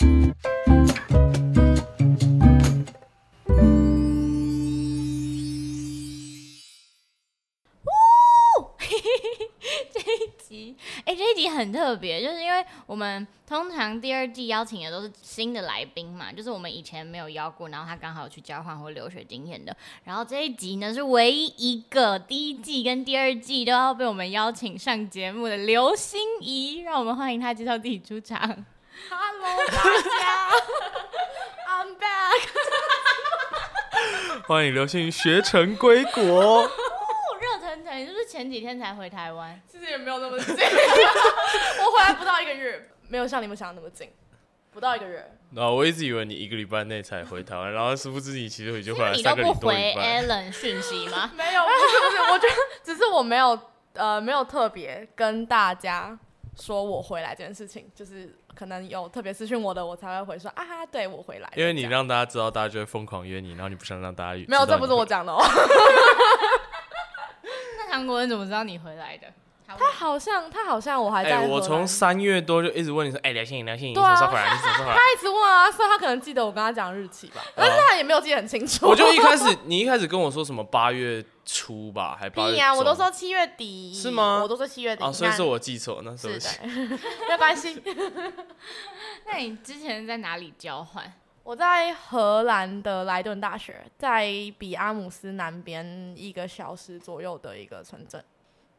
嗚嘿嘿嘿！這一集哎，欸、這一集很特別，就是因為我們通常第二季邀請的都是新的來賓嘛，就是我們以前沒有邀過，然後他剛好有去交換或留學經驗的。然後這一集呢，是唯一一個第一季跟第二季都要被我們邀請上節目的劉欣怡，讓我們歡迎他介紹自己出場。Hello，大家 ，I'm back。 歡迎劉欣學成歸國。哦，熱騰騰，你是不是前幾天才回台灣？其實也沒有那麼近， 我回來不到一個月，沒有像你們想的那麼近，不到一個月。那、啊、我一直以為你一個禮拜內才回台灣，然後殊不知你其實已經回來三個禮拜。你都不回 Alan 訊息嗎？ 沒有，不是不是， 我覺得只是我沒有呃沒有特別跟大家說我回來這件事情，就是。可能有特別私訊我的，我才會回說啊，對我回來的。因為你讓大家知道，大家就會瘋狂約你，然後你不想讓大家約。沒有，這不是我講的哦。 那韓國人怎麼知道你回來的？他好像，他好像我還在……在、欸。我從三月多就一直問你說：“哎、欸，劉欣怡，劉欣怡，你說麼時候、啊、你什麼 他一直問啊，所以他可能記得我跟他講日期吧，uh, 但是他也沒有記得很清楚。我就一開始， 你一開始跟我說什麼八月初吧，還八你、啊、我都說七月底，是嗎？我都說七月底哦，啊、所以說我記錯那是，是？沒關係。那你之前在哪裡交換？ 我在荷蘭的萊頓大學，在比阿姆斯南邊一個小時左右的一個村鎮。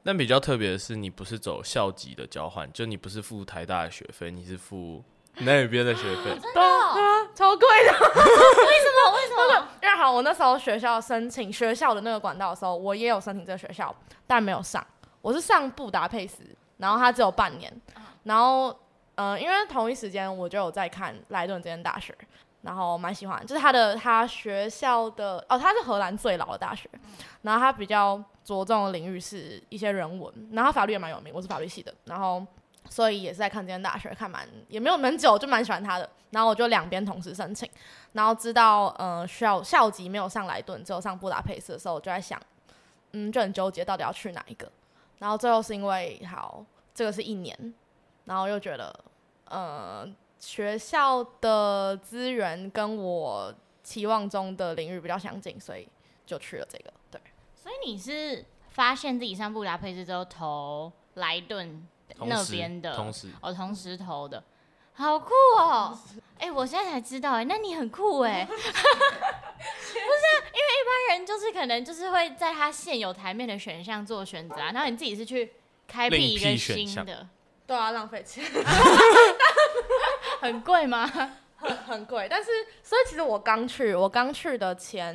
但比較特別的是，你不是走校級的交換，就你不是付台大的學費，你是付那邊的學費，啊，真的，哦、 啊，超貴的， 為什麼？ 為什麼？因 為好，我那時候學校申請學校的那個管道的時候，我也有申請這個學校，但沒有上，我是上布達佩斯，然後它只有半年，然後嗯、呃，因為同一時間我就有在看萊頓這間大學。然後蠻喜歡就是他的他學校的哦，他是荷蘭最老的大學，然後他比較着重的領域是一些人文，然後他法律也蠻有名，我是法律系的，然後所以也是在看這間大學，看蠻也沒有蠻久，就蠻喜歡他的，然後我就兩邊同時申請，然後知道嗯，呃，校校級沒有上萊頓，只有上布達佩斯的時候，我就在想，嗯，就很糾結到底要去哪一個，然後最後是因為好這個是一年，然後又覺得嗯，呃。學校的資源跟我期望中的領域比較相近，所以就去了這個。對，所以你是發現自己上布達佩斯之後投萊頓那邊的，同時，同時哦，同時投的，好酷哦！哎、欸，我現在才知道、欸，哎，那你很酷哎、欸， 不是、啊？因為一般人就是可能就是會在他現有台面的選項做選擇、啊，然後你自己是去開闢一個新的，對啊，浪費錢。 很貴嗎？很很貴， 但是所以其實我剛去，我剛去的前，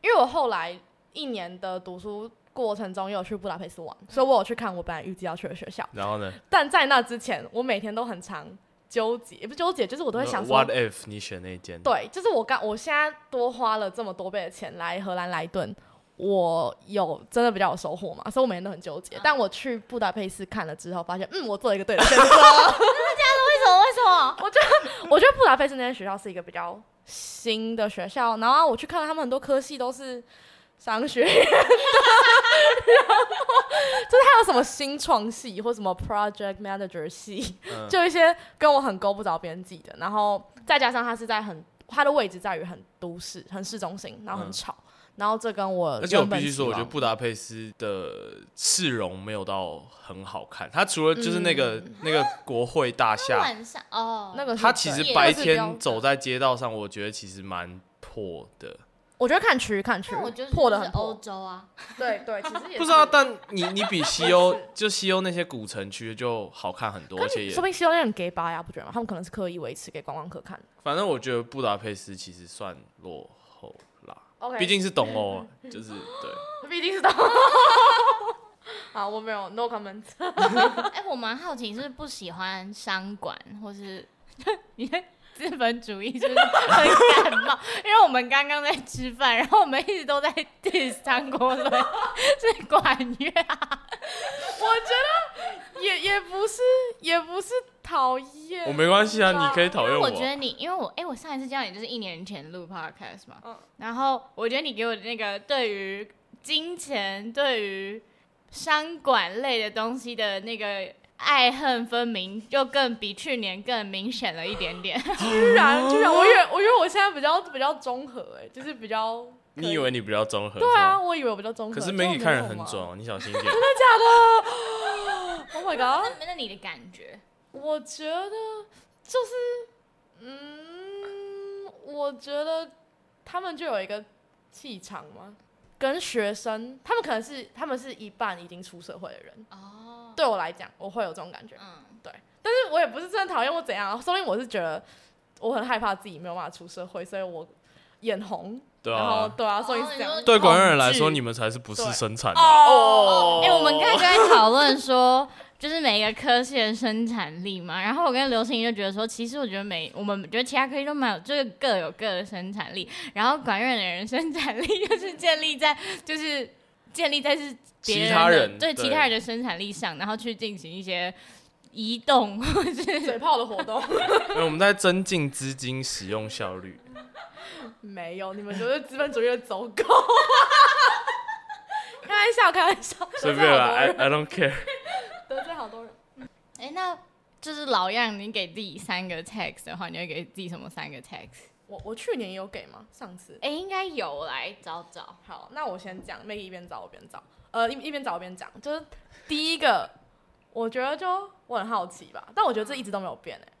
因為我後來一年的讀書過程中又有去布達佩斯玩、嗯，所以我有去看我本來預計要去的學校。然後呢？但在那之前，我每天都很常糾結，也、欸、不糾結，就是我都會想說、uh，What if 你選那一間？對，就是我剛，我現在多花了這麼多倍的錢來荷蘭萊頓，我有真的比較有收穫嘛？所以我每天都很糾結。嗯、但我去布達佩斯看了之後，發現，嗯，我做了一個對的選擇。 為什麼？我覺得我覺得布達佩斯那間學校是一個比較新的學校，然後我去看了他們很多科系都是商學院的， 然後就是他有什麼新創系或什麼 project manager 系，嗯，就一些跟我很勾不着邊際的，然後再加上他是在很他的位置在於很都市、很市中心，然後很吵。嗯然後這跟我，而且我必須說，我覺得布達佩斯的市容沒有到很好看。它除了就是那個、嗯、那個國會大廈，哦，那個它其實白天走在街道上，我覺得其實蠻破的。我覺得看區看區，我覺得，破的很歐洲啊，對對，其實也不知道、啊。但你你比西歐 就西歐那些古城區就好看很多，而且也說不定西歐那種給巴呀不覺得嗎？他們可能是刻意維持給觀光客看。反正我覺得布達佩斯其實算落。Okay, 畢竟是東歐啊，就是對，畢竟是東歐。 好，我沒有，no comment。哎、 欸，我蠻好奇，是不，是不喜歡商管，或是你看資本主義就是，是很感冒？ 因為我們剛剛在吃飯，然後我們一直都在 dis 商管，所以是管院啊。 我覺得也也不是，也不是討厭。我沒關係啊，你可以討厭我。我覺得你，因為我，哎、欸，我上一次見到你就是一年前錄 podcast 嘛，嗯，然後我覺得你給我的那個對於金錢、對於商管類的東西的那個愛恨分明，就更比去年更明顯了一點點。 居然，居然，啊、我覺我我現在比較比較綜合，欸，哎，就是比較。以你以為你比較綜合？對啊，我以為我比較綜合。可是美女看人很準，你小心一點。真的假的？Oh my god！那，那你的感覺？我覺得就是，嗯，我覺得他們就有一個氣場嘛？跟學生，他們可能是他們是一半已經出社會的人哦。Oh. 對我來講，我會有這種感覺。嗯、oh.，對。但是我也不是真的討厭或怎樣，所以我是覺得我很害怕自己沒有辦法出社會，所以我。眼紅，對啊，對啊，哦、所以對管院人來說，你們才是不是生產力、啊、哦？哎、哦哦欸哦欸，我們剛剛就在討論說， 就是每一個科系的生產力嘛。然後我跟劉欣怡就覺得說，其實我覺得每我們覺得其他科系都蠻有，就是各有各的生產力。然後管院的人生產力就是建立在就是建立在是其他人對，對其他人的生產力上，然後去進行一些移動或者是嘴炮的活動。 因為我們在增進資金使用效率。沒有，你們都是資本主義的走狗，啊、 開玩笑，開玩笑。隨便了，I don't care。得罪好多人。哎，那就是老樣，你給自己三個 text 的話，你會給自己什麼三個 text？我我去年有給嗎？上次？哎，應該有，來找找。好，那我先講，妹 一邊找我邊找。呃，一一邊找一邊講， 就是第一個，我覺得就我很好奇吧，但我覺得這一直都沒有變哎、欸。嗯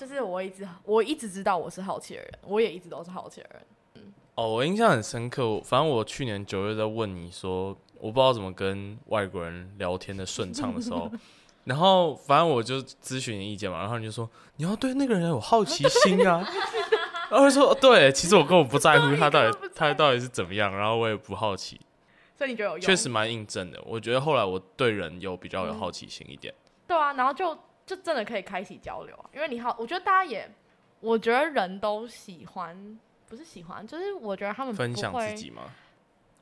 就是我一直我一直知道我是好奇的人，我也一直都是好奇的人。嗯，哦，我印象很深刻。反正我去年九月在問你說，我不知道怎麼跟外國人聊天的順暢的時候， 然後反正我就諮詢你意見嘛，然後你就說你要對那個人有好奇心啊。 對 然後說對，其實我根本不在乎他到底他到底是怎麼樣，然後我也不好奇。所以你就有用確實蠻印證的，嗯。我覺得後來我對人有比較有好奇心一點。對啊，然後就。就真的可以開啟交流啊，因為你好，我覺得大家也，我覺得人都喜歡，不是喜歡，就是我覺得他們分享自己嗎？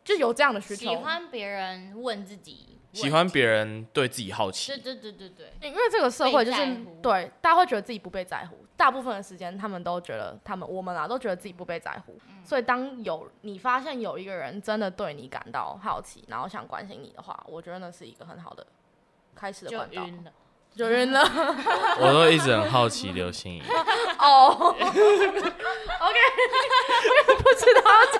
就有這樣的需求，喜歡別人問自己，喜歡別人對自己好奇，對對對對對，因為這個社會就是對，大家會覺得自己不被在乎，大部分的時間他們都覺得他們我們啊都覺得自己不被在乎，嗯，所以當有你發現有一個人真的對你感到好奇，然後想關心你的話，我覺得那是一個很好的開始的管道。有人呢我都一直很好奇劉欣怡。哦、 oh. ，OK，我 也不知道要講。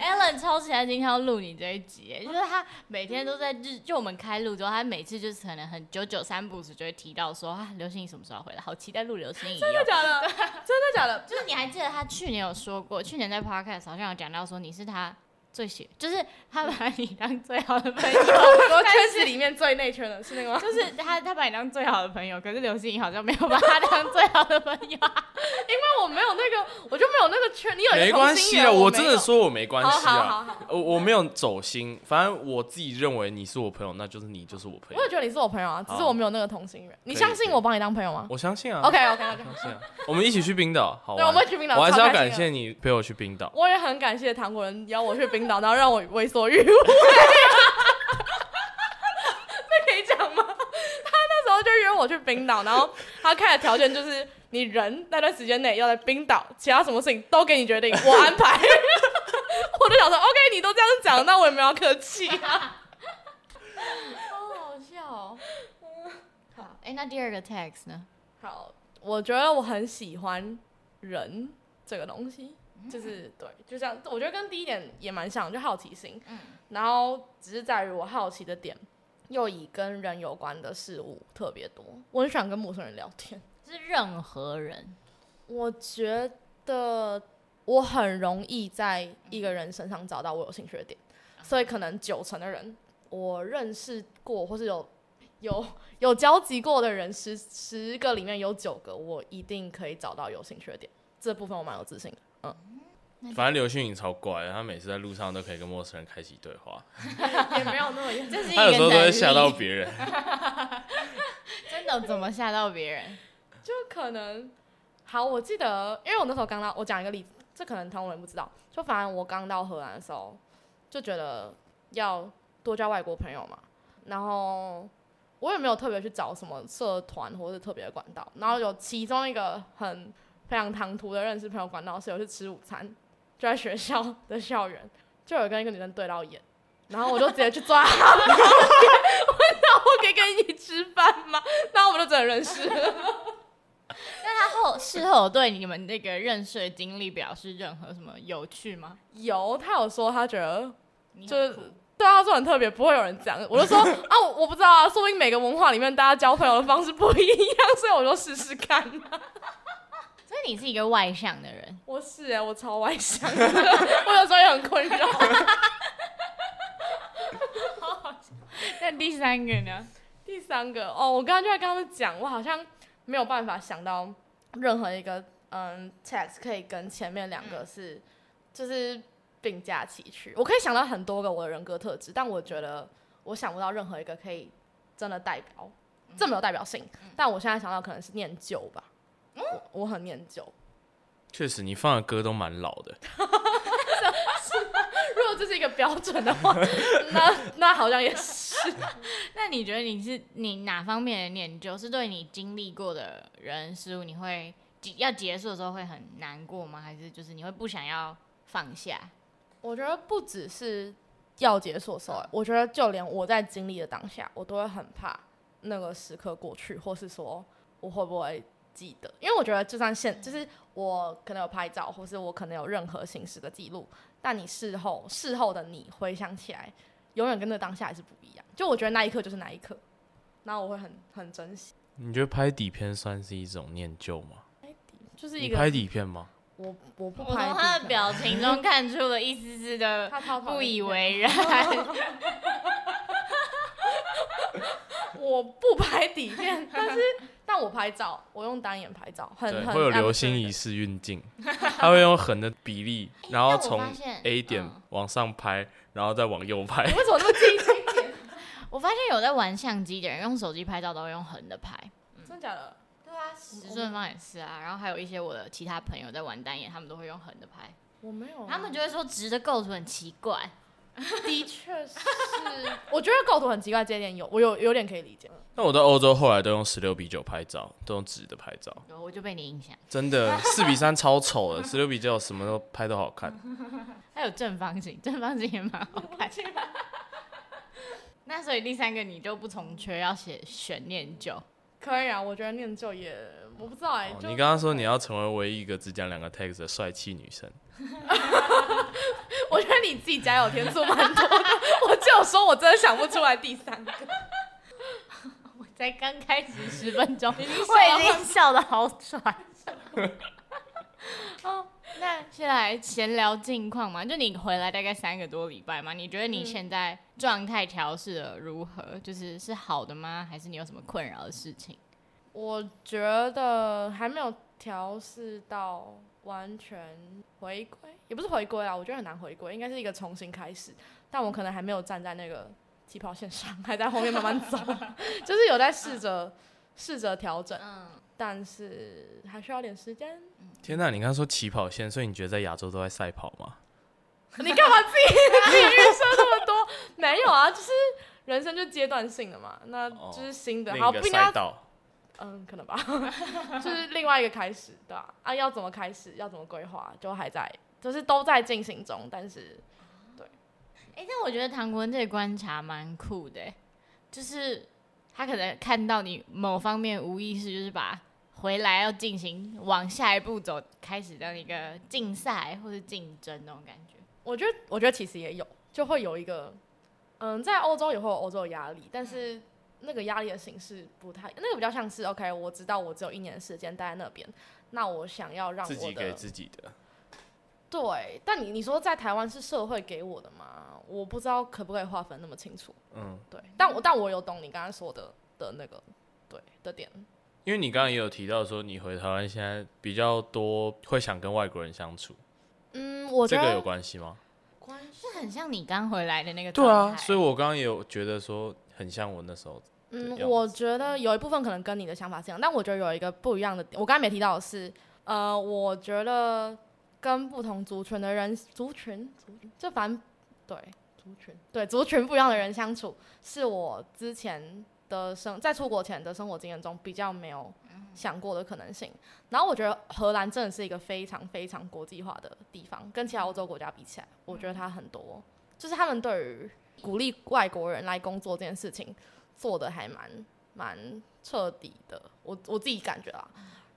哎、 欸、Alan 超期待今天要錄你這一集、欸， 就是他每天都在就，就我們開錄之後，他每次就是可能很久久三不時就會提到說啊，劉欣怡什麼時候回來，好期待錄劉欣怡。 真的假的？真的假的？就是你還記得他去年有說過，去年在 Podcast 好像有講到說你是他。最喜，就是他把你當最好的朋友， 我圈是裡面最內圈的，是那個嗎？ 就是他，他把你當最好的朋友，可是劉欣怡好像沒有把他當最好的朋友，因為我沒有那個，我就沒有那個圈。你有一個沒關係啊，我真的說我沒關係啊，好好好好我我沒有走心，反正我自己認為你是我朋友，那就是你就是我朋友。我也覺得你是我朋友啊，只是我沒有那個同心圓、啊。你相信我幫你當朋友嗎？我相信啊。OK OK，, okay. 相信行、啊。我們一起去冰島，好嗎？對，我們去冰島。我還是要感謝你陪我去冰島。我也很感謝湯國倫邀我去冰。然後讓我為所欲為，那可以講嗎？他那時候就約我去冰島，然後他開的條件就是你人那段時間內要在冰島，其他什麼事情都給你決定， 我安排。 我就想說 ，OK，你都這樣講，那我也沒有客氣、啊。好、 oh, 好笑、哦，好，哎，那第二個 text 呢？好，我覺得我很喜歡人這個東西。就是對，就這樣。我覺得跟第一點也蠻像，就好奇心。嗯，然後只是在於我好奇的點，又以跟人有關的事物特別多。我很喜歡跟陌生人聊天。是任何人？我覺得我很容易在一個人身上找到我有興趣的點，所以可能九成的人我認識過，或是有有有交集過的人，十十個裡面有九個，我一定可以找到有興趣的點。這部分我蠻有自信的。嗯，反正劉欣怡超怪的，他每次在路上都可以跟陌生人開啟對話， 也沒有那麼， 他有時候都會嚇到別人。 真的？怎麼嚇到別人？就可能，好，我記得，因為我那時候剛到，我講一個例子，這可能唐文不知道，就反正我剛到荷蘭的時候，就覺得要多交外國朋友嘛，然後我也沒有特別去找什麼社團或是特別的管道，然後有其中一個很，非常唐突的認識朋友管我，管道是有去吃午餐，就在學校的校園，就有跟一個女生對到眼，然後我就直接去抓，問 到 我可以跟你吃飯嗎？那我們就真的認識了。 那他後事後對你們那個認識的經歷表示任何什麼有趣嗎？有，他有說他覺得就是對他說很特別，不會有人這樣。我就說啊，我不知道啊，說不定每個文化裡面大家交朋友的方式不一樣，所以我就試試看啊。你是一個外向的人，我是哎、欸，我超外向的， 我有時候也很困擾。 好好笑。 那第三個呢？ 第三個哦，我剛剛就在跟他們講，我好像沒有辦法想到任何一個嗯 text 可以跟前面兩個是就是並駕齊驅。我可以想到很多個我的人格特質，但我覺得我想不到任何一個可以真的代表這麼有代表性、嗯。但我現在想到可能是念舊吧。嗯，我很念舊，嗯、確實，你放的歌都蠻老的 如果這是一個標準的話， 那那好像也是。 那你覺得你是你哪方面的念舊？是對你經歷過的人事物，你會要結束的時候會很難過嗎？還是就是你會不想要放下？我覺得不只是要結束的時候，嗯、我覺得就連我在經歷的當下，我都會很怕那個時刻過去，或是說我會不會。記得，因為我覺得就算現，就是我可能有拍照，或是我可能有任何形式的記錄，但你事後事後的你回想起來，永遠跟那當下是不一樣。就我覺得那一刻就是那一刻，那我會很很珍惜。你覺得拍底片算是一種念舊嗎？就是一個拍底片嗎？我我不拍。從他的表情中看出了一絲絲的 不以為然。 我不拍底片，但是。但我拍照，我用單眼拍照，很會有流星儀式運鏡，他會用橫的比例， 然後從 A 點往上拍，然後再往右拍。什、欸我， 嗯欸、我， 我發現有在玩相機的人，用手機拍照都會用橫的拍。真的假的？嗯、對啊，石順芳也是啊，然後還有一些我的其他朋友在玩單眼，他們都會用橫的拍。我沒有、啊。他們就會說直的構圖很奇怪。 的確是，我覺得構圖很奇怪，這點有我有有點可以理解。那我在歐洲後來都用十六比九拍照，都用直的拍照。有，我就被你影響。真的，四比三超醜的，十六比九什麼都拍都好看。還 有正方形，正方形也蠻好看。 那所以第三個你就不從缺，要寫懸念就。可，可以啊，我覺得念舊也，我不知道哎，、欸哦，就是。你剛剛說你要成為唯一一個只講兩個 text 的帥氣女生， 我覺得你自己家有天數蠻多的。 我就說，我真的想不出來第三個。 我才剛開始十分鐘，你 已經笑得好帥。 oh. 那先來閒聊近況嘛，就你回來大概三個多禮拜嘛，你覺得你現在狀態調適的如何，嗯？就是是好的嗎？還是你有什麼困擾的事情？我覺得還沒有調適到完全回歸，也不是回歸啊，我覺得很難回歸，應該是一個重新開始，但我可能還沒有站在那個起跑線上，還在後面慢慢走， 就是有在試着試着調整。嗯。但是還需要點時間。天哪，啊，你剛剛說起跑線，所以你覺得在亞洲都在賽跑嗎？ 你幹嘛自己自己說那麼多？沒有啊，就是人生就階段性的嘛，那就是新的，然後不應該。嗯，可能吧， 就是另外一個開始，對吧，啊？啊，要怎麼開始，要怎麼規劃，就還在，就是都在進行中，但是，對。哎，欸，那我覺得唐國文這個觀察蠻酷的欸，就是他可能看到你某方面無意識，就是把。回來要進行往下一步走，開始這樣一個競賽或是競爭那種感覺，我覺得我覺得其實也有，就會有一個，嗯，在歐洲也會有歐洲的壓力，但是那個壓力的形式不太，那個比較像是 OK，我知道我只有一年的時間待在那邊，那我想要讓我自己給自己的，對，但你你說在台灣是社會給我的嗎？我不知道可不可以劃分那麼清楚，嗯，對，但我但我有懂你剛才說的的那個對的點。因為你剛剛也有提到說，你回台灣現在比較多會想跟外國人相處，嗯，我覺得這個有關係嗎？關係很像你剛回來的那個狀態。對啊，所以，我剛剛也有覺得說，很像我那時候。嗯，我覺得有一部分可能跟你的想法是一樣，但我覺得有一個不一樣的點，我剛剛沒提到的是，呃，我覺得跟不同族群的人，族群，這反正，對，族群，對，族群不一樣的人相處，是我之前。的生在出國前的生活經驗中比較沒有想過的可能性。然後我覺得荷蘭真的是一個非常非常國際化的地方，跟其他歐洲國家比起來，我覺得它很多就是他們對於鼓勵外國人來工作這件事情做得還蠻蠻徹底的，我我自己感覺啊。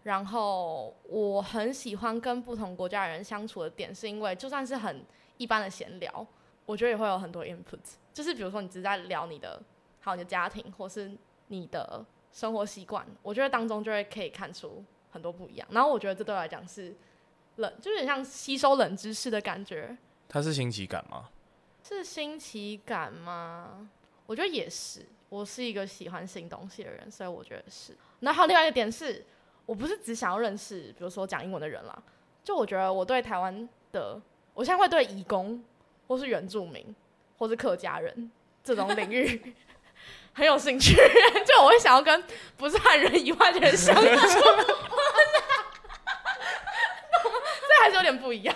然後我很喜歡跟不同國家的人相處的點，是因為就算是很一般的閒聊，我覺得也會有很多 input，就是比如說你只是在聊你的。好，你的家庭或是你的生活習慣，我覺得當中就會可以看出很多不一樣。然後我覺得這對我來講是冷，就有點像吸收冷知識的感覺。它是新奇感嗎？是新奇感嗎？我覺得也是。我是一個喜歡新東西的人，所以我覺得是。然後還有另外一個點是我不是只想要認識，比如說講英文的人啦。就我覺得我對台灣的，我現在會對移工或是原住民或是客家人這種領域。 很有興趣，就我會想要跟不是漢人以外的人相處的， 這還是有點不一樣。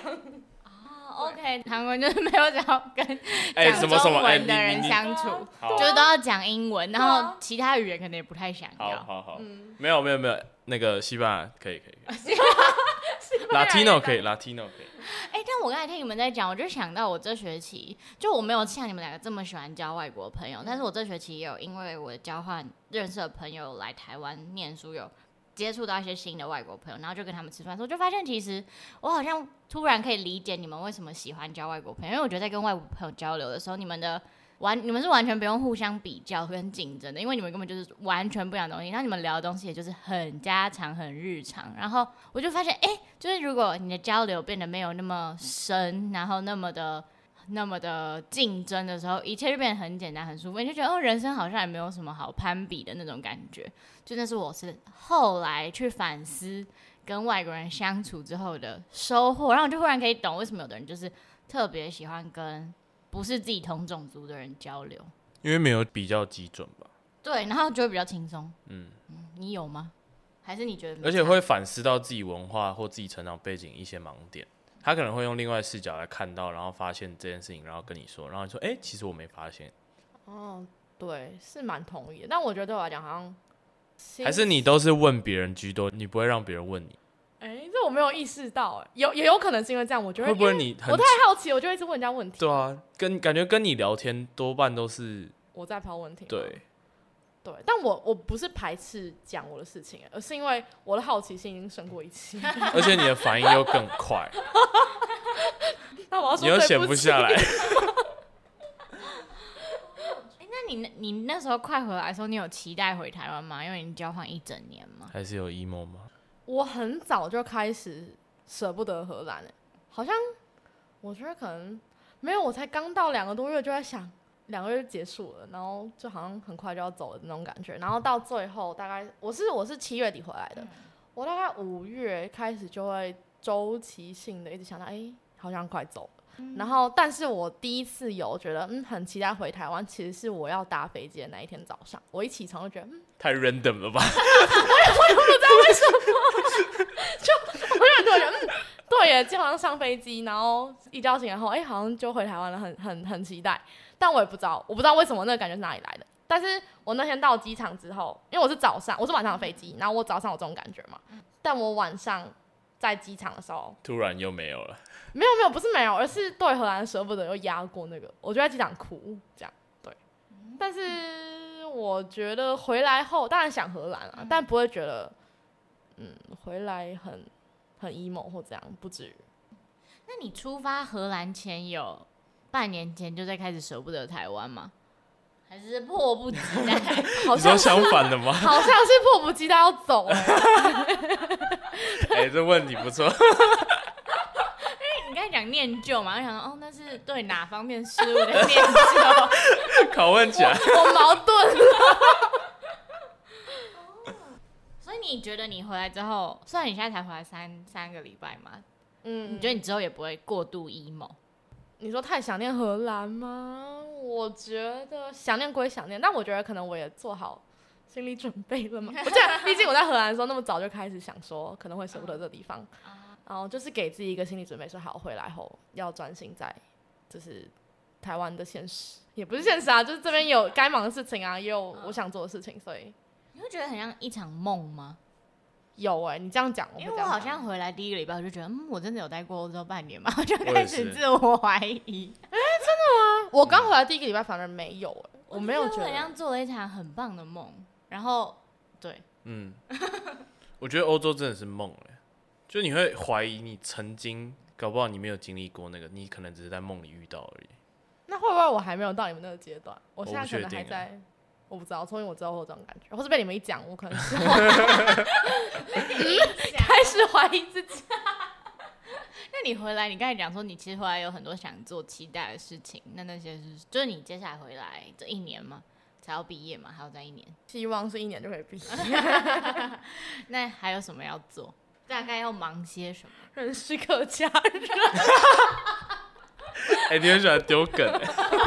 oh, OK，韓國就是沒有想要跟講中文的人相處，欸、什麼什麼，就都要講英、欸、英文，然後其他語言可能也不太想要。好好好，嗯、沒有沒有沒有，那個西班牙可以，可以可以。 Latino 可以，Latino 可以。哎、 欸，但我剛才聽你們在講，我就想到我這學期就我沒有像你們兩個這麼喜歡交外國朋友，嗯、但是我這學期也有，因為我交換認識的朋友來台灣唸書，有接觸到一些新的外國朋友，然後就跟他們吃飯的時候，就發現其實我好像突然可以理解你們為什麼喜歡交外國朋友，因為我覺得在跟外國朋友交流的時候，你們的。完，你們是完全不用互相比較跟競爭的，因為你們根本就是完全不講東西。然後你們聊的東西也就是很家常、很日常。然後我就發現，哎、欸，就是如果你的交流變得沒有那麼深，然後那麼的、那麼的競爭的時候，一切就變得很簡單、很舒服。你就覺得，哦，人生好像也沒有什麼好攀比的那種感覺。就那是我是後來去反思跟外國人相處之後的收穫，然後我就忽然可以懂為什麼有的人就是特別喜歡跟。不是自己同種族的人交流，因為沒有比較基準吧。對，然後就會比較輕鬆嗯。嗯，你有嗎？還是你覺得？而且會反思到自己文化或自己成長背景一些盲點，他可能會用另外視角來看到，然後發現這件事情，然後跟你說，然後你說，哎，其實我沒發現。哦，對，是蠻同意的。但我覺得對我來講，好像還是你都是問別人居多，你不會讓別人問你。哎。我沒有意識到、欸，哎，有也有可能是因為這樣，我覺得會不會你很我太好奇，我就會一直問人家問題。對啊，跟感覺跟你聊天多半都是我在拋問題。對，對，但我我不是排斥講我的事情，而是因為我的好奇心已經升過一次，而且你的反應又更快。那我要你又寫不下來 欸。那你你那時候快回來的時候，你有期待回台灣嗎？因為你交換一整年嗎，還是有 emo 嗎？我很早就開始捨不得荷蘭欸，好像我覺得可能沒有，我才剛到兩個多月就在想，兩個月就結束了，然後就好像很快就要走了那種感覺。然後到最後大概我是我是七月底回來的，嗯，我大概五月開始就會周期性的一直想到，哎，欸，好像快走了。嗯、然後，但是我第一次有覺得嗯，很期待回台灣。其實是我要搭飛機的那一天早上，我一起床就覺得嗯，太 random 了吧？ 我也我也不知道為什麼， 就我有那種感覺嗯，對耶，就好像上飛機，然後一覺醒來，然後哎，好像就回台灣了，很很很期待。但我也不知道，我不知道為什麼那個感覺是哪裡來的。但是我那天到機場之後，因為我是早上，我是晚上的飛機，然後我早上有這種感覺嘛，但我晚上在機場的時候，突然又沒有了。沒有沒有，不是沒有，而是對荷蘭舍不得，又壓過那個，我就在機場哭，這樣對、嗯。但是我覺得回來後，當然想荷蘭啊、嗯，但不會覺得，嗯，回來很很 emo 或者這樣，不至於。那你出發荷蘭前有半年前就在開始舍不得台灣嗎？還是迫不及待？好 像相反的嗎？好？好像是迫不及待要走、欸。哎、 欸，這問題不錯。 念舊嘛，就想說哦，那是對哪方面事物的念舊？拷 問起來我，我矛盾了、。 哦。所以你覺得你回來之後，雖然你現在才回來三三個禮拜嘛，嗯，你覺得你之後也不會過度 emo？、嗯、你說太想念荷蘭嗎？我覺得想念歸想念，但我覺得可能我也做好心理準備了嘛。對，畢竟我在荷蘭的時候那麼早就開始想說，可能會舍不得這個地方。 然後就是給自己一個心理準備，說好回來後要專心在，就是台灣的現實也不是現實啊，就是這邊有該忙的事情啊，也有我想做的事情，所以你會覺得很像一場夢嗎？有哎、欸，你這樣講我這樣，因為我好像回來第一個禮拜我就覺得，嗯，我真的有待過歐洲半年嗎？我就開始自我懷疑。哎、欸，真的嗎、嗯？我剛回來第一個禮拜反而沒有哎、欸，我沒有覺得，我覺得我像做了一場很棒的夢。然後對，嗯， 我覺得歐洲真的是夢哎、欸。就你會懷疑，你曾經搞不好你沒有經歷過那個，你可能只是在夢裡遇到而已。那會不會我還沒有到你們那個階段？我，、啊、我現在可能還在，我不知道。從我知道我有這種感覺，或是被你們一講，我可能 開始懷疑自己。 那你回來，你剛才講說你其實回來有很多想做、期待的事情。那那些是就是你接下來回來這一年嘛，才要畢業嘛，還有再一年，希望是一年就可以畢業。 那還有什麼要做？大概要忙些什麼？認識個家人。哎、 欸，你很喜歡丟梗、欸。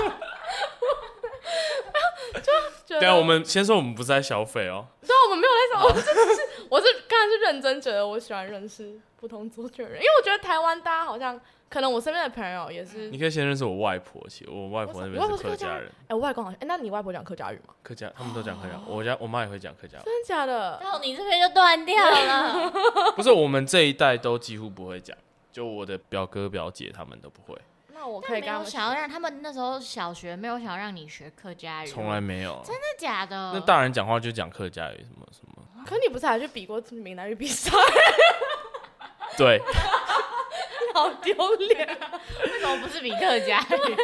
就對啊，我們先說我們不是在消費哦、喔。對啊，我們沒有在種 我是剛才是認真覺得我喜歡認識不同族群的人，因為我覺得台灣大家好像。可能我身邊的朋友也是、嗯，你可以先認識我外婆，其實我外婆那邊是客家人。哎、欸，我外公好像，哎、欸，那你外婆講客家語嗎？客家他們都講客家語。哦、我家，我家我媽也會講客家語。真的假的？到你這邊就斷掉了。 不是，我們這一代都幾乎不會講，就我的表哥表姐他們都不會。那我可以剛剛沒有想要讓他們那時候小學沒有想要讓你學客家語，從來沒有。真的假的？那大人講話就講客家語，什麼什麼？可你不是還去比過閩南語比賽？ 對。 好丟丟臉臉！ 為什麼不是比客家語？哎、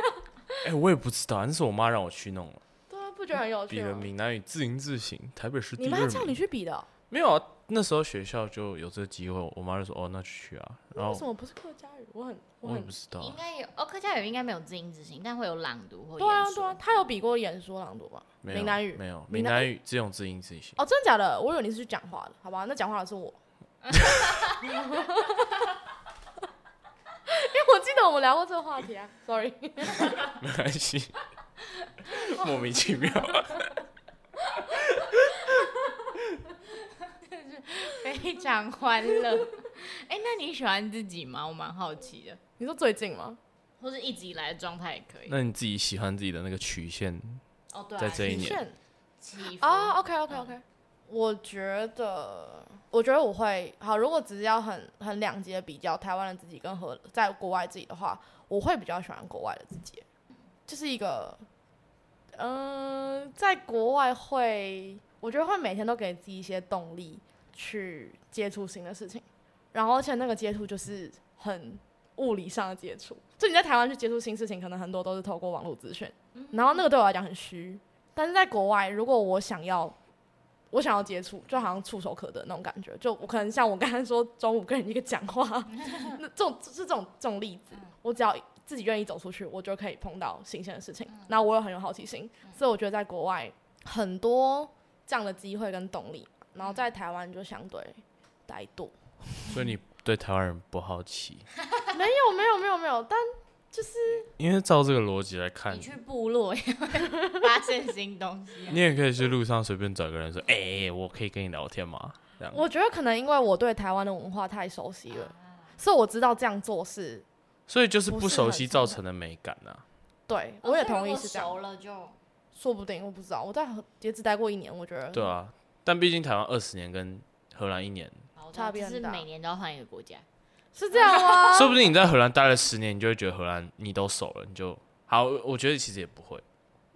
欸，我也不知道，還是我媽讓我去弄了。對啊，不覺得很有趣嗎、啊？比的閩南語字音字形，台北市。你媽叫你去比的？沒有啊，那時候學校就有這個機會，我媽就說：“哦，那就去啊。”然後為什麼不是客家語？我很，我，很我也不知道。應該有哦，客家語應該沒有字音字形，但會有朗讀或演說。對啊，對啊，他有比過演說朗讀吧？閩南語沒有，閩南，南，南語只有字音字形。哦，真的假的？我以為你是去講話的，好不好？那講話的是我。 因為我記得我們聊過這個話題啊，sorry。沒關係，莫名其妙，哈 哈，非常歡樂。哎、欸，那你喜歡自己嗎？我蠻好奇的。你說最近嗎？或者一直以來的狀態也可以。那你自己喜歡自己的那個曲線？哦、oh,，對、啊，在這一年，啊，OK，OK，OK。Oh, okay, okay, okay. 我覺得，我覺得我會好。如果只是要很很兩極的比較，台灣的自己跟和在國外自己的話，我會比較喜歡國外的自己。這、就是一個，嗯、呃，在國外會，我覺得會每天都給自己一些動力去接觸新的事情，然後而且那個接觸就是很物理上的接觸。就你在台灣去接觸新事情，可能很多都是透過網絡資訊，然後那個對我來講很虛。但是在國外，如果我想要。我想要接觸，就好像觸手可得的那種感覺。就我可能像我剛才說，中午跟人一個講話，那這種、就是這種這種例子。我只要自己願意走出去，我就可以碰到新鮮的事情。那我有很有好奇心、嗯，所以我覺得在國外很多這樣的機會跟動力，然後在台灣就相對呆多。所以你對台灣人不好奇 沒？沒有沒有沒有沒有，但。就是因為照這個邏輯來看，你去部落也會發現新東西、啊。 你也可以去路上隨便找個人說：“哎、欸，我可以跟你聊天嗎？”這樣。我覺得可能因為我對台灣的文化太熟悉了、啊，所以我知道這樣做是，所以就是不熟悉造成的美感吶、啊。對，我也同意是這樣。哦、就，說不定我不知道，我在荷也只待過一年，我覺得對啊。但畢竟台灣二十年跟荷蘭一年，差別很大，是每年都要換一個國家。是這樣嗎？ 說不定你在荷蘭待了十年，你就會覺得荷蘭你都熟了，你就好。我覺得其實也不會。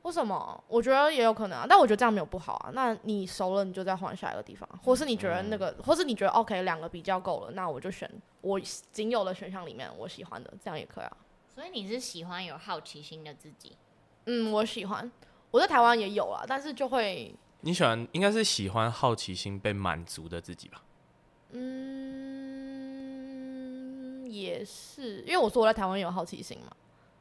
為什麼？我覺得也有可能啊。但我覺得這樣沒有不好啊。那你熟了，你就再換下一個地方，或是你覺得那個，嗯、或是你覺得 OK，兩個比較夠了，那我就選我僅有的選項裡面我喜歡的，這樣也可以啊。所以你是喜歡有好奇心的自己？嗯，我喜歡。我在台灣也有啊，但是就會你喜歡應該是喜歡好奇心被滿足的自己吧？嗯。也是，因為我說我在台灣有好奇心嘛，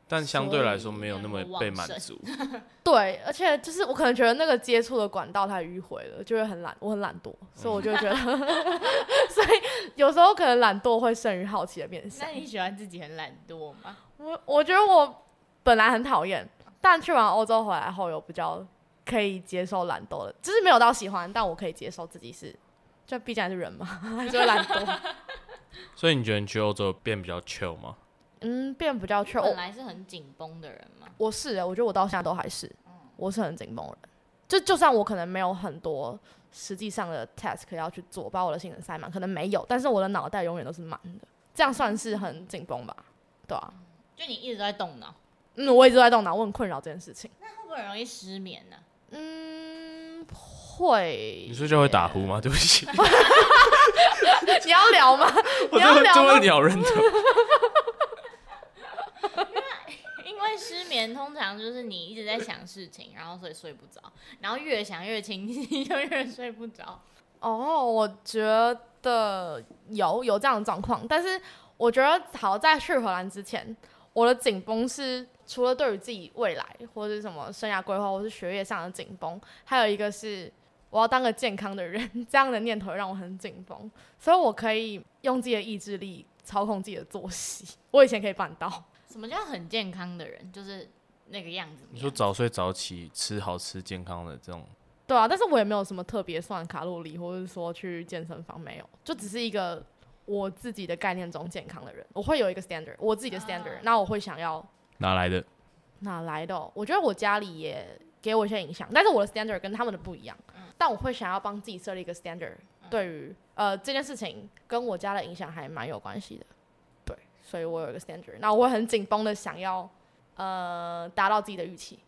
但相對來說沒有那麼被滿足。 對，而且就是我可能覺得那個接觸的管道太迂回了，就會很懶，我很懶惰， 所以我就覺得， 所以有時候可能懶惰會勝於好奇的面向。那你喜歡自己很懶惰嗎？我我覺得我本來很討厭，但去完歐洲回來後，有比較可以接受懶惰的，就是沒有到喜歡，但我可以接受自己是。就畢竟是 還是人嘛，就懶惰。 所以你覺得你去歐洲變比較 chill 嗎？嗯，變比較 chill。本來是很緊繃的人嘛。我是，我覺得我到現在都還是，嗯、我是很緊繃的人。就就算我可能沒有很多實際上的 task 要去做，把我的心能塞滿，可能沒有，但是我的腦袋永遠都是滿的。這樣算是很緊繃吧？對啊。就你一直在動腦。嗯，我一直在動腦，我很困擾這件事情。那會不會很容易失眠呢、啊？嗯。會，你睡覺會打呼嗎？對，對不起 你，你要聊嗎？我就會 因為因為失眠通常就是你一直在想事情，然後所以睡不着，然後越想越清醒，就越睡不着。哦、oh,，我覺得有有這樣的狀況，但是我覺得好在去荷蘭之前，我的緊繃是除了對於自己未來或者是什麼生涯規劃或者是學業上的緊繃，還有一個是。我要當個健康的人，這樣的念頭讓我很緊繃，所以我可以用自己的意志力操控自己的作息。我以前可以辦到。什麼叫很健康的人？就是那個樣子，樣子。你說早睡早起，吃好吃健康的這種，對啊。但是我也沒有什麼特別算卡路里，或者是說去健身房沒有，就只是一個我自己的概念中健康的人。我會有一個 standard，我自己的 standard，那、uh... 我會想要哪來的？哪來的、喔？我覺得我家裡也給我一些影響，但是我的 standard 跟他們的不一樣。但我會想要幫自己設立一個 standard，對於、嗯、呃這件事情跟我家的影響還蠻有關係的，對，所以我有一個 standard，那我會很緊繃的想要呃達到自己的預期。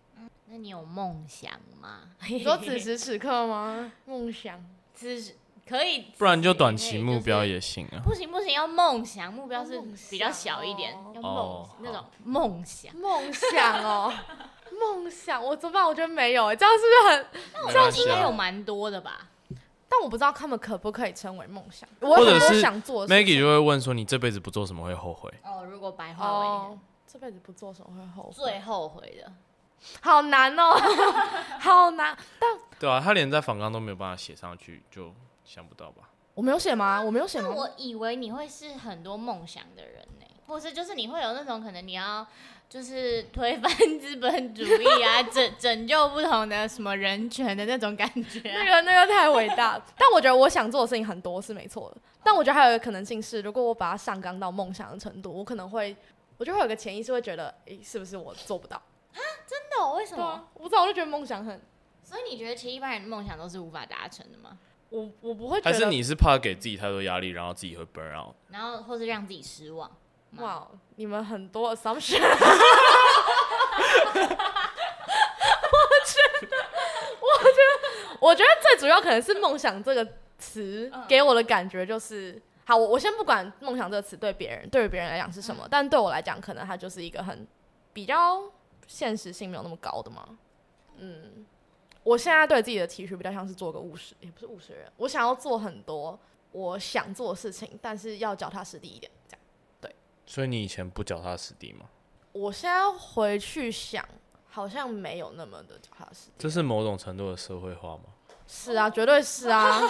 那你有夢想嗎？說此時此刻嗎？嘿嘿夢想，只可以，不然就短期目標也行啊。就是、不行不行，要夢想，目標是比較小一點，要夢、哦、要夢那種夢想、哦、夢想哦。 夢想我怎麼辦？我覺得沒有、欸、這樣是不是很？啊、這樣應該有蠻多的吧，但我不知道他們可不可以稱為夢想。或者是，我有很多想做的事 Maggie 就會問說：“你這輩子不做什麼會後悔？”哦，如果白話一、哦、這輩子不做什麼會後悔？最後悔的，好難哦、喔， 好難。 但對啊，他連在訪綱都沒有辦法寫上去，就想不到吧？我沒有寫嗎？我沒有寫嗎？但我以為你會是很多夢想的人呢、欸，或是就是你會有那種可能你要。就是推翻資本主義啊，拯拯救不同的什麼人權的那種感覺、啊。那 個那個太偉大， 但我覺得我想做的事情很多是沒錯的。但我覺得還有一個可能性是，如果我把它上綱到夢想的程度，我可能會，我就會有一個潛意識會覺得，哎、欸，是不是我做不到啊？真的、喔？為什麼？我早就覺得夢想很……所以你覺得其實一般人夢想都是無法達成的嗎？我我不會，覺得。還是你是怕給自己太多壓力，然後自己會 burn out，然後或是讓自己失望。哇、wow,，你們很多 assumption， 我覺得我覺得，我覺得最主要可能是“夢想”這個詞給我的感覺就是，好，我我先不管“夢想”這個詞對別人，對於別人來講是什麼、嗯，但對我來講，可能它就是一個很比較現實性沒有那麼高的嘛。嗯，我現在對自己的期許比較像是做個務實，也、欸、不是務實人，我想要做很多我想做的事情，但是要腳踏實地一點。所以你以前不腳踏實地嗎？我現在回去想，好像沒有那麼的腳踏實地。這是某種程度的社會化嗎？是啊，絕對是啊，哦、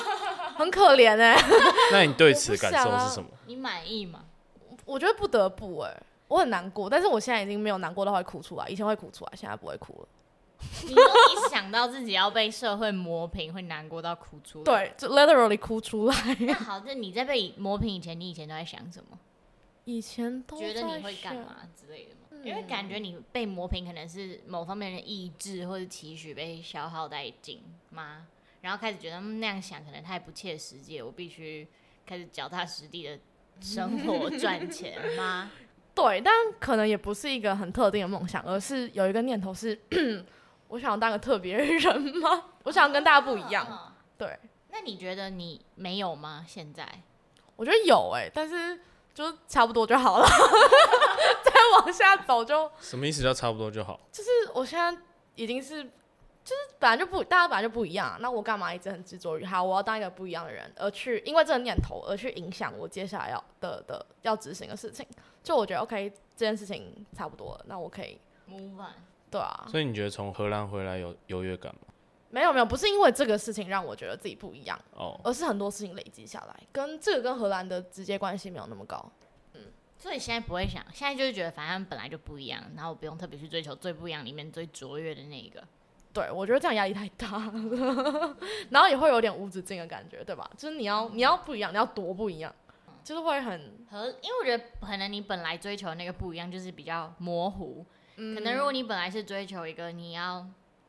很可憐哎、欸。 那你對此感受是什麼？啊、你滿意嗎？我，我覺得不得不哎、欸，我很難過。但是我現在已經沒有難過到會哭出來，以前會哭出來，現在不會哭了。你一想到自己要被社會磨平，會難過到哭出來， 對，就 literally 哭出來。 那好，那你在被磨平以前，你以前都在想什麼？以前都覺得你會幹嘛之類的、嗯、因為感覺你被磨平，可能是某方面的意志或者期許被消耗殆盡嗎？然後開始覺得那樣想可能太不切實際，我必須開始腳踏實地的生活賺錢嗎？ 對，但可能也不是一個很特定的夢想，而是有一個念頭是， 我想要當個特別的人嗎？我想要跟大家不一樣。對，那你覺得你沒有嗎？現在我覺得有誒、欸，但是。就差不多就好了， 再 往下走就什麼意思？叫差不多就好。就是我現在已經是，就是本來就不，大家本來就不一樣了。那我幹嘛一直很執着於，好，我要當一個不一樣的人，而去因為這個念頭而去影響我接下來要的的要執行的事情？就我覺得 OK，這件事情差不多了，那我可以 move on。對啊。所以你覺得從荷蘭回來有優越感嗎？沒有沒有，不是因為這個事情讓我覺得自己不一樣，哦、oh.，而是很多事情累積下來，跟這個跟荷蘭的直接關係沒有那麼高，嗯，所以現在不會想，現在就是覺得反正本來就不一樣，然後不用特別去追求最不一樣裡面最卓越的那一個，對，我覺得這樣壓力太大了， 然後也會有點無止境的感覺，對吧？就是你要你要不一樣，你要多不一樣，就是會很和，因為我覺得可能你本來追求的那個不一樣就是比較模糊，嗯，可能如果你本來是追求一個你要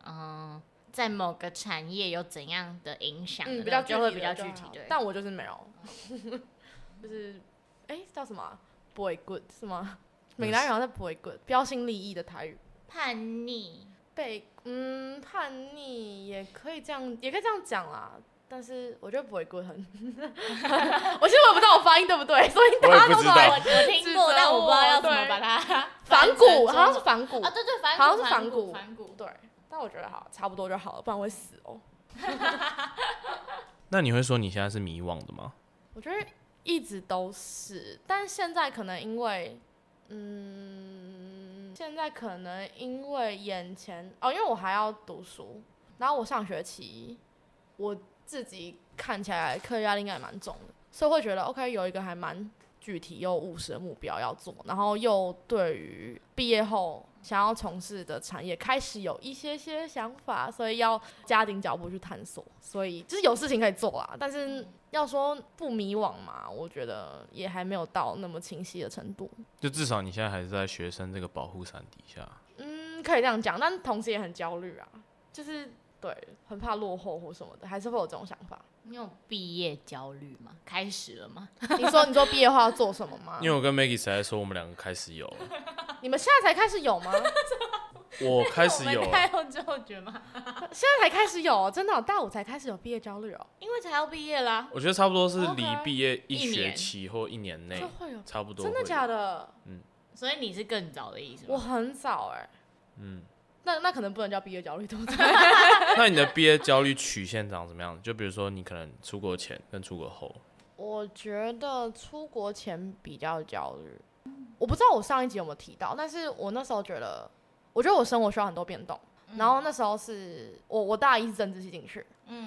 嗯。呃在某個產業有怎樣的影響的？嗯，比較就會比較具體，較具體，對對。但我就是沒有， 就是哎叫什麼 boy good 是嗎？閩南語好像叫 boy good，標新立異的台語。叛逆被嗯，叛逆也可以這樣，也可以這樣講啦，但是我覺得 boy good 很， 我其實我也不知道我發音對不對，所以大家都說我，不知道我聽過， 但我不知道要怎麼把它仿古，古，好像是仿古啊，對對，好像是仿古，仿古，古，古對。但我覺得好，差不多就好了，不然會死哦。 那你會說你現在是迷惘的嗎？我覺得一直都是，但是現在可能因為，嗯，現在可能因為眼前哦，因為我還要讀書，然後我上學期我自己看起來課業壓力應該也蠻重的，所以我會覺得 OK，有一個還蠻具體又務實的目標要做，然後又對於畢業後。想要從事的產業開始有一些些想法，所以要加緊腳步去探索。所以就是有事情可以做啊，但是要說不迷惘嘛，我覺得也還沒有到那麼清晰的程度。就至少你現在還是在學生這個保護傘底下，嗯，可以這樣講。但同時也很焦慮啊，就是。對，很怕落後或什麼的，還是會有這種想法。你有畢業焦慮嗎？開始了嗎？你說，你說畢業的話要做什麼嗎？ 因為我跟 Maggie 才說，我們兩個開始有。 你們 現在才開始有嗎？我開始有，太後知後覺嗎？現在才開始有，真的好大，我才開始有畢業焦慮哦、喔，因為才要畢業啦。我覺得差不多是離畢業一學期或一年內，okay，差不多。真的假的？嗯，所以你是更早的意思嗎？我很早哎，欸，嗯。那那可能不能叫畢業焦慮對不對？ 那你的畢業焦慮曲線長怎麼樣？就比如說你可能出國前跟出國後，我覺得出國前比較焦慮。我不知道我上一集有沒有提到，但是我那時候覺得，我覺得我生活需要很多變動。嗯，然後那時候是我我大一是政治系進去，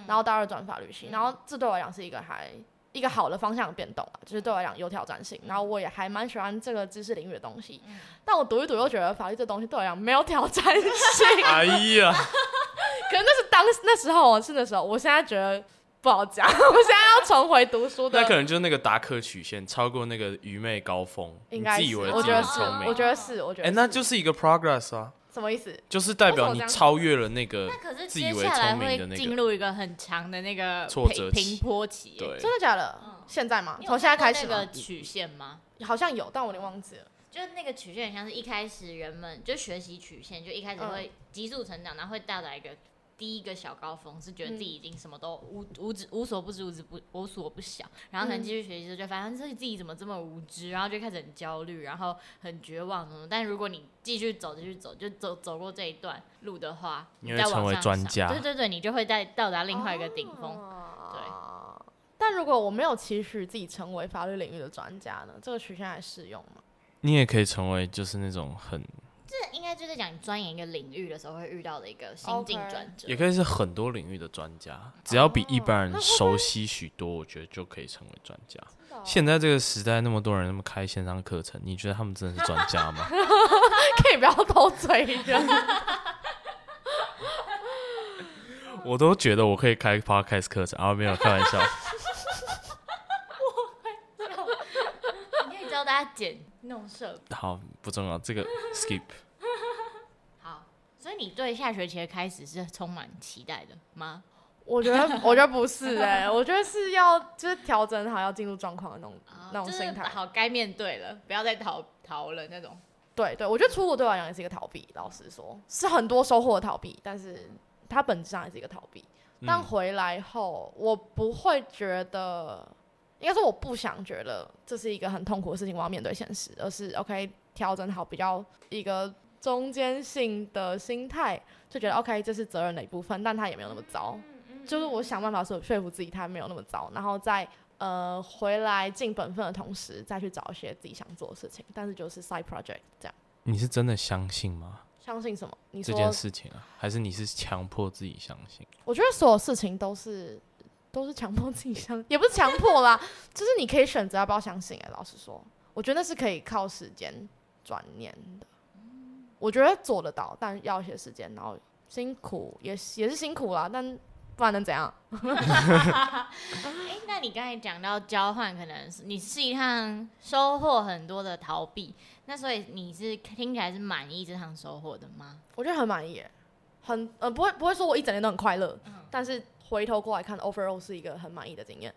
然後大二轉法律系，然後這對我來講是一個還。一個好的方向的變動啊，就是對我來講有挑戰性。然後我也還蠻喜歡這個知識領域的東西，但我讀一讀又覺得法律這東西對我來講沒有挑戰性。 哎呀，可能那是當時，那時候我去的時候，我現在覺得不好講。 我現在要重回讀書的，那可能就是那個達克曲線超過那個愚昧高峰。應該是自以為我的，我覺得是，我覺得是，我覺得。哎、欸，那就是一個 progress 啊。什麼意思？就是代表你超越了那個，那可是接下來會進入一個很強的那個平平坡期。真的假的？現在嗎？從現在開始？那個曲線嗎？好像有，但我都忘記了。就是那個曲線，很像是一開始人們就學習曲線，就一開始會急速成長，然後會帶來一個。第一個小高峰是覺得自己已經什麽都無無知，嗯、無所不知無知不無所不曉，然後可能繼續學習就覺得反正，嗯、自己怎麼這麼無知，然後就開始很焦慮，然後很絕望什麽。但如果你繼續走繼續走，就走走過這一段路的話，你會成為專家。對對對，你就會再到達另外一個頂峰，哦。對。但如果我沒有期許自己成為法律領域的專家呢？這個曲線還適用嗎？你也可以成為就是那種很。應該就是講你鑽研一個領域的時候會遇到的一個新進專家，也可以是很多領域的專家，只要比一般人熟悉許多，我覺得就可以成為專家。 現在這個時代，那麼多人那麼開線上課程，你覺得他們真的是專家嗎？ 可以不要偷嘴一 我都覺得我可以開 podcast 課程啊，沒有開玩笑。 大家撿那種設備好不重要，這個 skip。好，所以你對下學期的開始是充滿期待的嗎？ 我覺得，我覺得不是哎、欸， 我覺得是要就是調整好要進入狀況的那種、啊、那種心態，就是、好該面對了，不要再逃逃了那種。 對，對對，我覺得出國對我來講也是一個逃避，老實說，是很多收穫的逃避，但是它本質上也是一個逃避、嗯。但回來後，我不會覺得。應該是我不想覺得這是一個很痛苦的事情，我要面對現實，而是 OK 調整好比較一個中間性的心態，就覺得 OK 這是責任的一部分，但它也沒有那麼糟，嗯嗯、就是我想辦法說說服自己它沒有那麼糟，然後再呃回來盡本分的同時，再去找一些自己想做的事情，但是就是 side project 這樣。你是真的相信嗎？相信什麼？你這件事情啊？還是你是強迫自己相信？我覺得所有事情都是。都是強迫自己相，也不是強迫啦， 就是你可以選擇要不要相信、欸。哎，老實說，我覺得那是可以靠時間轉念的、嗯。我覺得做得到，但要一些時間，然後辛苦也是也是辛苦啦，但不然能怎樣？ 欸、那你剛才講到交換，可能是你是一趟收穫很多的逃避，那所以你是聽起來是滿意這趟收穫的嗎？我覺得很滿意、欸，很呃，不會不會說我一整天都很快樂、嗯，但是。回頭過來看，Overall 是一個很滿意的經驗。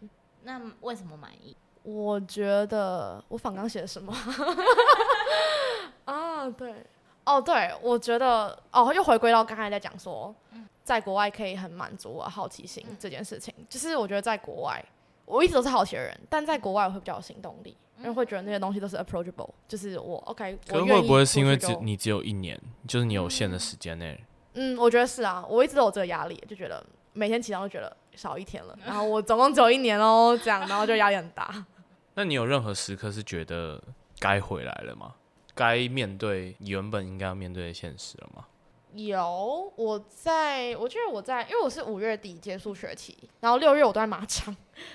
那為什麼滿意？我覺得我反剛寫了什麼？ 啊，對，哦，對，我覺得哦，又回歸到剛才在講說，嗯、在國外可以很滿足我、啊、好奇心這件事情、嗯。就是我覺得在國外，我一直都是好奇的人，但在國外我會比較有行動力，嗯、因為會覺得那些東西都是 approachable，就是我 OK，我願意。可能會不會是因為只，只你只有一年，就是你有限的時間內、欸嗯？嗯，我覺得是啊，我一直都有這個壓力，就覺得。每天起床都覺得少一天了，然後我總共只有一年哦， 這樣，然後就壓力很大。 那你有任何時刻是覺得該回來了嗎？該面對原本應該要面對的現實了嗎？有，我在，我記得我在，因為我是五月底結束學期，然後六月我都在馬場，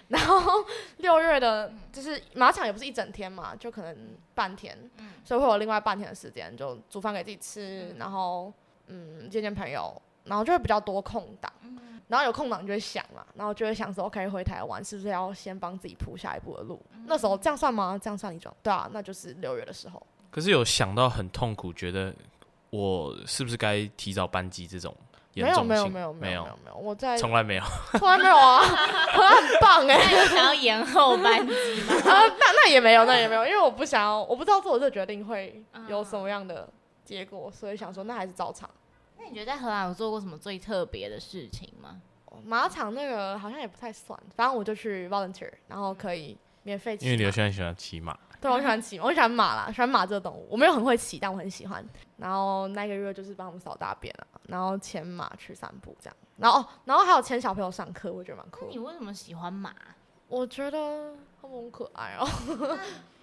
然後六月的就是馬場也不是一整天嘛，就可能半天，嗯、所以會有另外半天的時間就煮飯給自己吃，嗯、然後嗯，見見朋友，然後就會比較多空檔。然後有空檔，就會想嘛，然後就會想說，OK，回台灣是不是要先幫自己鋪下一步的路，嗯？那時候這樣算嗎？這樣算一種，對啊，那就是六月的時候。可是有想到很痛苦，覺得我是不是該提早班機？這種嚴重性沒有沒有沒有沒有，沒有，沒，有沒有，我在從來沒有從來沒有啊， 很棒哎，欸！想要延後班機嗎？啊、 呃，那那也沒有，那也沒有，因為我不想要，我不知道做這個決定會有什麼樣的結果，啊，所以想說那還是照常。那你覺得在荷蘭有做過什麼最特別的事情嗎？馬場那個好像也不太算，反正我就去 volunteer，然後可以免費騎。因為你有些人喜歡騎馬，對，我喜歡騎馬，我喜歡馬啦，喜歡馬這個動物。我沒有很會騎，但我很喜歡。然後那個月就是幫我們掃大便啊，然後牽馬去散步這樣。然後，然後還有牽小朋友上課，我覺得蠻酷的。你為什麼喜歡馬？我覺得他們很可愛哦、喔。啊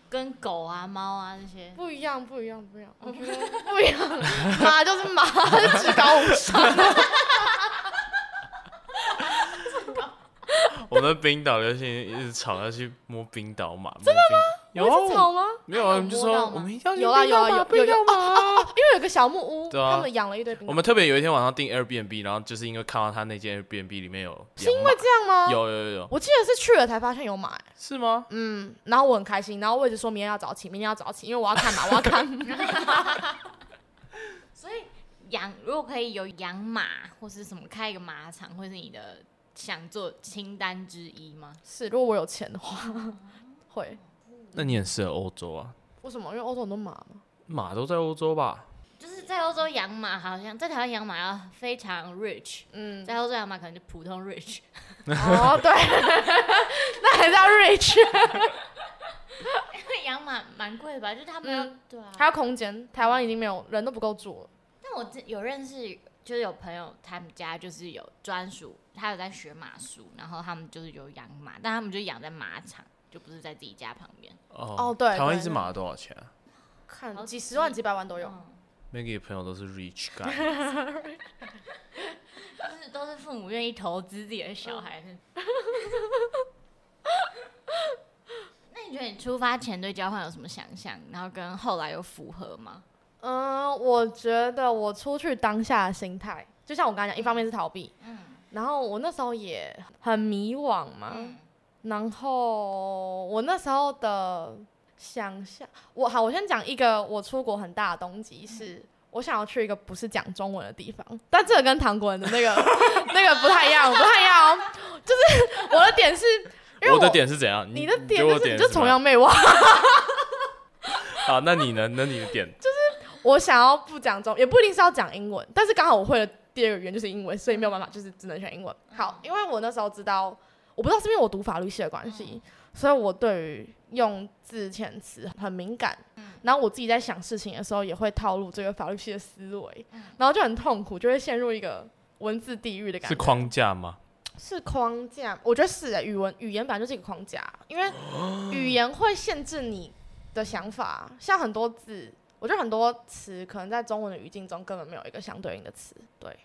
跟狗啊、貓啊這些不一樣，不一樣，不一樣，我覺得不一樣。 一樣 馬就是馬， 趾高氣揚。 我們冰島流行一直吵要去摸冰島馬， 真的嗎？有草嗎、喔？沒有啊，你就是說我們，有啊，有啊有有有嗎，有有，有啊，啊，啊，因為有個小木屋，啊、他們養了一堆。我們特別有一天晚上訂 Airbnb，然後就是因為看到他那間 Airbnb 裡面有，是因為這樣嗎？有有有，有我記得是去了才發現有馬，欸，是嗎？嗯，然後我很開心，然後我一直說明天要早起，明天要早起，因為我要看馬， 我要看。 所以養，如果可以有養馬或是什麼，開一個馬場，或是你的想做清單之一嗎？是，如果我有錢的話， 會。那你很適合歐洲啊。為什麼？因為歐洲很多馬嘛，馬都在歐洲吧？就是在歐洲養馬，好像在台灣養馬要非常 rich，嗯，在歐洲養馬可能就普通 rich。 哦，對， 那還是要 rich？因為養馬蠻貴的吧？就他們、嗯、對啊，還有空間，台灣已經沒有，人都不夠住了。但我這有認識，就是有朋友，他們家就是有專屬，他有在學馬術，然後他們就是有養馬，但他們就養在馬場。就不是在自己家旁邊哦。對，oh, oh，台灣一只馬多少錢？對對對，看幾十萬、幾百萬都有。Oh, 每個朋友都是 rich guy，都 是都是父母願意投資自己的小孩。Oh. 那你覺得你出發前對交換有什麼想象？然後跟後來有符合嗎？嗯，我覺得我出去當下的心態，就像我剛才講，一方面是逃避，嗯，然後我那時候也很迷惘嘛。嗯然後我那時候的想象，我好，我先講一個我出國很大的動機是我想要去一個不是講中文的地方，但這個跟唐國人的那個 那個不太一樣，不太一樣哦，就是我的點是因為我的點是怎樣？你的點就是你就崇洋媚外。好，那你呢？那你的點就是我想要不講中，也不一定是要講英文，但是剛好我會的第二個語言就是英文，所以沒有辦法，就是只能選英文。好，因為我那時候知道。我不知道是不是因為我讀法律系的關係、嗯，所以我對於用字遣詞很敏感、嗯。然後我自己在想事情的時候，也會套入這個法律系的思維、嗯，然後就很痛苦，就會陷入一個文字地獄的感覺。是框架嗎？是框架，我覺得是、欸。語文語言本來就是一個框架，因為語言會限制你的想法。像很多字，我覺得很多詞可能在中文的語境中根本沒有一個相對應的詞。對。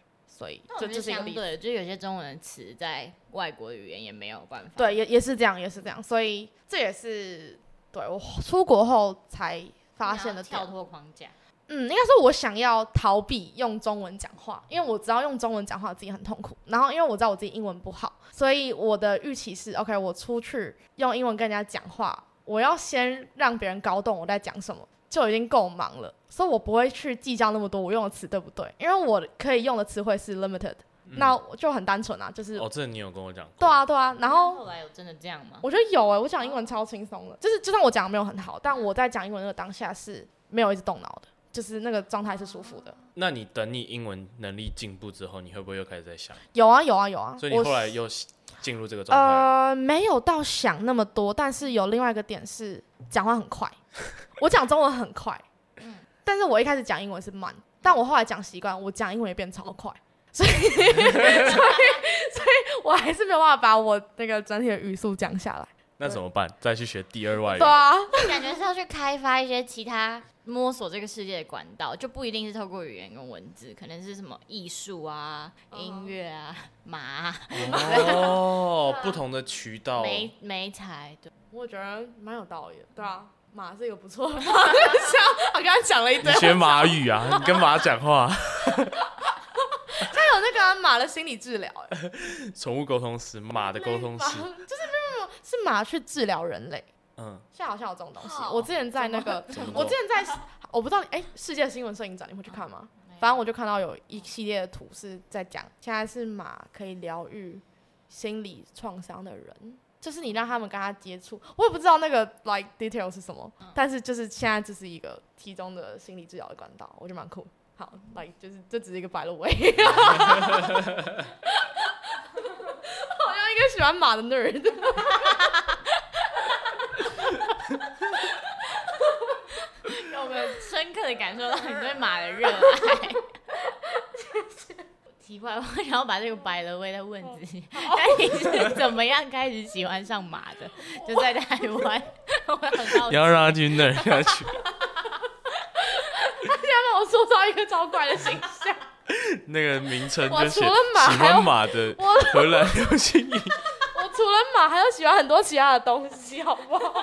所以這就，就是一個、就是、例子，就有些中文詞在外國語言也沒有辦法。對，也也是這樣，也是這樣。所以這也是對我出國後才發現的跳脫框架。嗯，應該說我想要逃避用中文講話，因為我知道用中文講話我自己很痛苦。然後因為我知道我自己英文不好，所以我的預期是，OK，我出去用英文跟人家講話，我要先讓別人搞懂我在講什麼。就已經夠忙了，所以我不會去計較那麼多。我用的詞對不對？因為我可以用的詞彙是 limited，、嗯、那就很單純啊。就是哦，這你有跟我講過？對啊，對啊。然後後來有真的這樣嗎？我覺得有誒、欸，我講英文超輕鬆的。就是就算我講的沒有很好，但我在講英文那個當下是沒有一直動腦的，就是那個狀態是舒服的、嗯。那你等你英文能力進步之後，你會不會又開始在想？有啊，有啊，有啊。所以你後來又進入這個狀態？呃，沒有到想那麼多，但是有另外一個點是講話很快。嗯我講中文很快，嗯，但是我一開始講英文是慢，但我後來講習慣，我講英文也變超快，所以， 所以，所以我還是沒有辦法把我那個整體的語速降下來。那怎麼辦？再去學第二外語。對啊，感覺是要去開發一些其他摸索這個世界的管道，就不一定是透過語言跟文字，可能是什麼藝術啊、音樂啊、嗯、馬。哦、 啊，不同的渠道、哦。沒沒才對，我覺得蠻有道理的。對啊。馬這個不錯的馬的，馬 我 剛才講了一堆。你學馬語啊？ 你跟馬講話？他 有那個、啊、馬的心理治療，寵 物溝通師，馬的溝通師、嗯，就是沒有沒有，是馬去治療人類。嗯，現在好像有這種東西、哦。我之前在那個，我之前在，我不知道哎、欸，世界新聞攝影展，你會去看嗎、啊？反正我就看到有一系列的圖是在講，現在是馬可以療癒心理創傷的人。就是你讓他們跟他接觸，我也不知道那個 like detail 是什麼，但是就是現在這是一個其中的心理治療的管道，我覺得蠻酷。好，like 就是這只是一個白露薇，好像一個喜歡馬的 n e 讓我們深刻的感受到你對馬的熱愛。奇怪，我然後把這個擺了，我也在問自己，那、哦、你是怎麼樣開始喜歡上馬的？哦、就在台灣，我很好奇要讓他去 learn 下去。 他現在幫我塑造一個超怪的形象。 那個名稱，我除了馬喜歡馬的我，我除了馬還有喜歡很多其他的東西，好不好？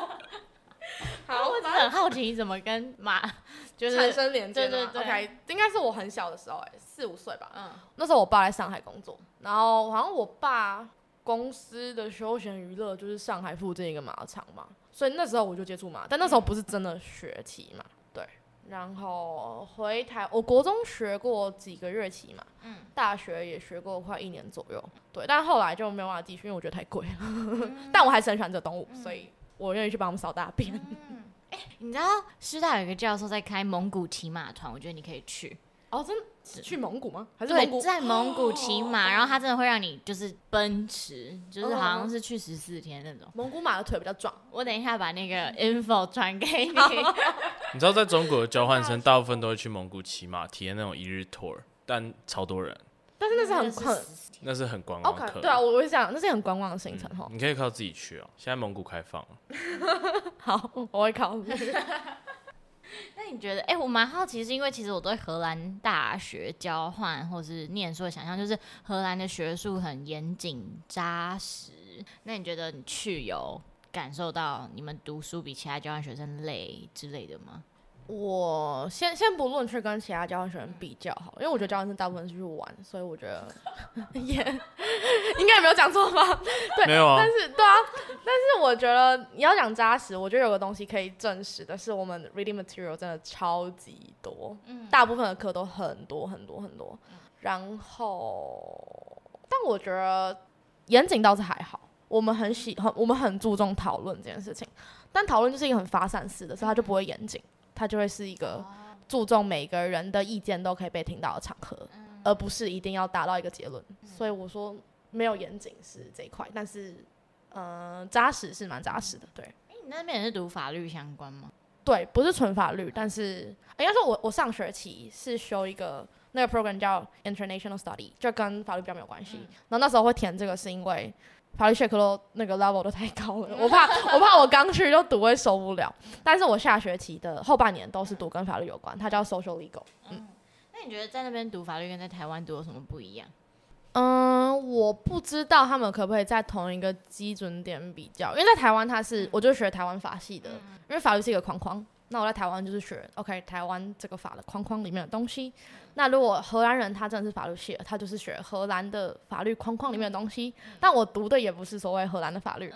好，我，問我很好奇， 怎麼跟馬就是產生連接？對對對，okay, 應該是我很小的時候、欸。四五歲吧，嗯，那時候我爸在上海工作，然後好像我爸公司的休閒娛樂就是上海附近一個馬場嘛，所以那時候我就接觸馬，但那時候不是真的學騎嘛，對，然後回台，我國中學過幾個月騎馬，嗯，大學也學過快一年左右，對，但後來就沒有辦法繼續，因為我覺得太貴了，嗯、 但我還是很喜歡這動物，所以我願意去幫他們掃大便。嗯，嗯 欸、你知道師大有個教授在開蒙古騎馬團，我覺得你可以去。哦，真是去蒙古嗎？還是蒙古在蒙古騎馬、哦？然後它真的會讓你就是奔馳，就是好像是去十四天那種、哦。蒙古馬的腿比較壯，我等一下把那個 info 傳給你。 你知道在中國的交換生大部分都會去蒙古騎馬，體驗那種一日 tour，但超多人。但是那是很困那，那是很觀光的。Okay, 對啊，我會想那是很觀光的行、嗯、程你可以靠自己去啊、哦，現在蒙古開放了 好，我會考慮。 那你覺得，哎、欸，我蠻好奇，是因為其實我對荷蘭大學交換或是念書的想象，就是荷蘭的學術很嚴謹扎實。那你覺得你去有感受到你們讀書比其他交換學生累之類的嗎？我先先不論去跟其他交換生比較好，因為我覺得交換生大部分是去玩，所以我覺得也 應該也沒有講錯吧。 對，沒有、啊，但是對啊，但是我覺得你要講扎實，我覺得有個東西可以證實的是，我們 reading material 真的超級多，嗯、大部分的課都很多很多很多、嗯。然後，但我覺得嚴謹倒是還好，我們很喜很我們很注重討論這件事情，但討論就是一個很發散式的，所以他就不會嚴謹。嗯嗯它就會是一個注重每個人的意見都可以被聽到的場合，而不是一定要達到一個結論。所以我說沒有嚴謹是這一塊，但是嗯扎、呃、實是蠻扎實的。對，誒、欸，你那邊也是讀法律相關嗎？對，不是純法律，但是應該、欸、說我我上學期是修一個那個 program 叫 international study，就跟法律比較沒有關係。然後那時候會填這個是因為。法律學科都那個 level 都太高了，我怕我怕我剛去就讀會受不了。 但是我下學期的後半年都是讀跟法律有關，它叫 social legal 嗯，嗯，那你覺得在那邊讀法律跟在台灣讀有什麼不一樣？嗯，我不知道他們可不可以在同一個基準點比較，因為在台灣它是我就學台灣法系的，嗯，因為法律是一個框框，那我在台灣就是學 OK 台灣這個法的框框裡面的東西。那如果荷蘭人他真的是法律系，他就是學荷蘭的法律框框裡面的東西。但我讀的也不是所謂荷蘭的法律，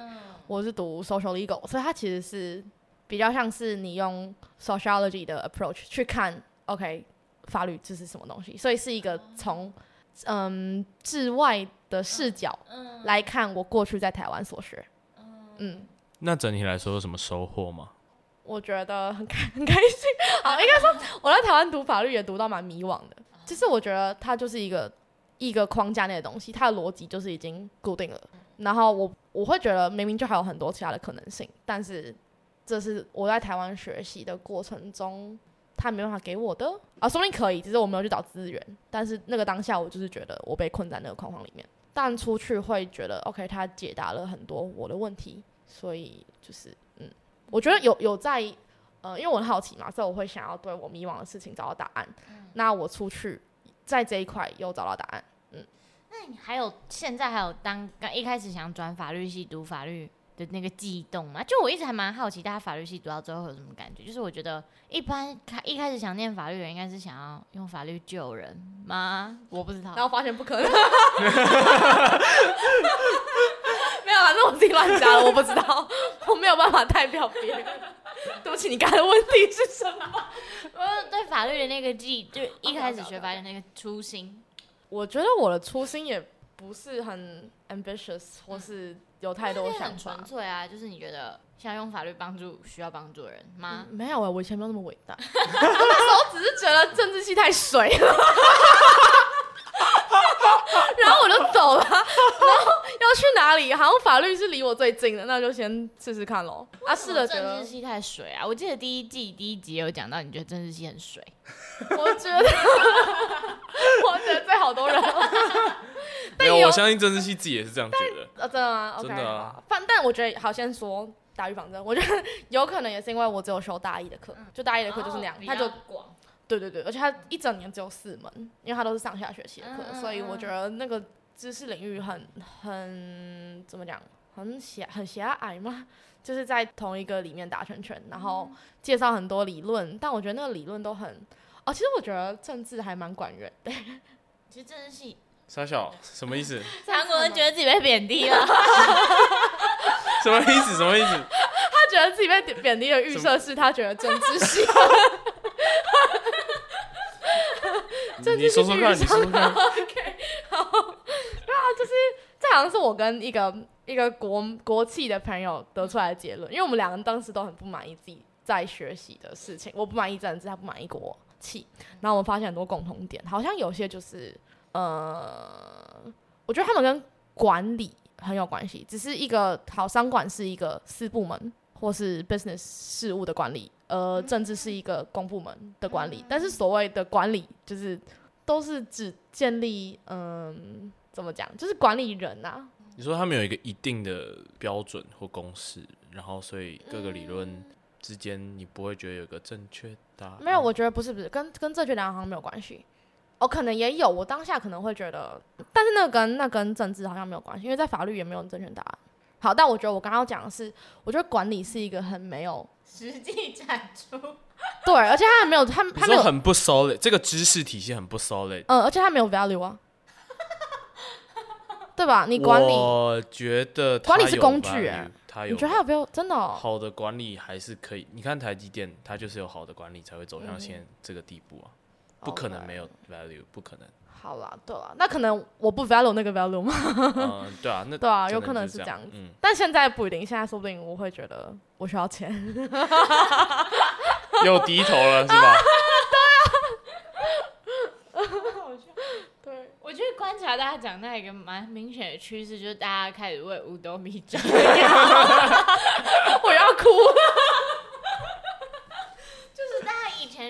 我是讀 social legal，所以它其實是比較像是你用 sociology 的 approach 去看，OK，法律這是什麼東西？所以是一個從嗯之外的視角來看我過去在台灣所學。嗯，那整體來說有什麼收穫嗎？我覺得很開很開心，好，應該說我在台灣讀法律也讀到蠻迷惘的。其實我覺得它就是一個一個框架內的東西，它的邏輯就是已經固定了。然後我我會覺得明明就還有很多其他的可能性，但是這是我在台灣學習的過程中他沒辦法給我的啊，說不定可以，只是我沒有去找資源。但是那個當下我就是覺得我被困在那個框框裡面，但出去會覺得 OK，他解答了很多我的問題，所以就是。我覺得有有在，呃，因為我很好奇嘛，所以我會想要對我迷惘的事情找到答案。嗯，那我出去，在這一塊又找到答案。嗯，那你還有現在還有當剛一開始想轉法律系讀法律的那個悸動嗎？就我一直還蠻好奇，大家法律系讀到最後有什麼感覺？就是我覺得一般開一開始想念法律的人應該是想要用法律救人嗎？我不知道。然後發現不可能。 反、啊、正我自己亂加了，我不知道， 我沒有辦法代表別人。 對不起，你剛才的問題是什麼？我對法律的那個記，就一開始學法律那個初心。我覺得我的初心也不是很 ambitious，或是有太多想法，純粹啊。就是你覺得想用法律幫助需要幫助的人嗎、嗯？沒有啊，我以前沒有那麼偉大。那時候只是覺得政治系太水了。 然後我就走了，然後要去哪裡？好像法律是離我最近的，那就先試試看嘍。啊，試了覺得政治系太水啊！我記得第一季第一集有講到，你覺得政治系很水？ 我覺得， 我覺得得罪好多人了。對， 我相信政治系自己也是這樣覺得。啊，真的嗎？Okay, 真的啊。反，但我覺得好像說打預防針，我覺得有可能也是因為我只有修大一的課、嗯，就大一的課就是那樣，他就廣。對對對，而且他一整年只有四門，嗯、因為他都是上下學期的課啊啊啊，所以我覺得那個知識領域很很怎麼講，很狹很狹隘嘛，就是在同一個裡面打圈圈、嗯，然後介紹很多理論，但我覺得那個理論都很，哦，其實我覺得政治還蠻管人的。其實政治系傻笑什麼意思、啊麼？韓國人覺得自己被貶低了， 什麼意思？什麼意思他？他覺得自己被貶低的預設是，他覺得政治系。 這就是日常的。OK，好， 然後就是，這好像是我跟一個一個國國企的朋友得出來的結論，因為我們兩個人當時都很不滿意自己在學習的事情，我不滿意政治，他不滿意國企，然後我們發現很多共同點，好像有些就是呃，我覺得他們跟管理很有關係，只是一個好商管是一個四部門或是 business 事務的管理。呃，政治是一個公部門的管理，但是所謂的管理就是都是只建立，嗯，怎麼講，就是管理人吶、啊。你說他們有一個一定的標準或公式，然後所以各個理論之間你不會覺得有個正確答案、嗯，沒有，我覺得不是不是，跟跟正確答案好像沒有關係。我、哦、可能也有，我當下可能會覺得，但是那跟、個、那跟政治好像沒有關係，因為在法律也沒有正確答案。好，但我覺得我剛剛講的是，我覺得管理是一個很沒有。實際產出，對，而且他還沒有，他他沒有說很不 solid，這個知識體系很不 solid，嗯，而且他沒有 value 啊， 對吧？你管理，我覺得 value, 管理是工具，哎，你覺得還有沒有？真的、哦，好的管理還是可以。你看台積電，他就是有好的管理才會走向現、嗯、這個地步啊，不可能沒有 value，不可能。好啦，對啊，那可能我不 value 那個 value 嗎、嗯？對啊，那 對啊，有可能是這樣子。嗯。但現在不一定，現在說不定我會覺得我需要錢， 又低頭了是吧、啊？對啊，好笑、啊。我就觀察大家，講那一個蠻明顯的趨勢，就是大家開始為五斗米折 我要哭了。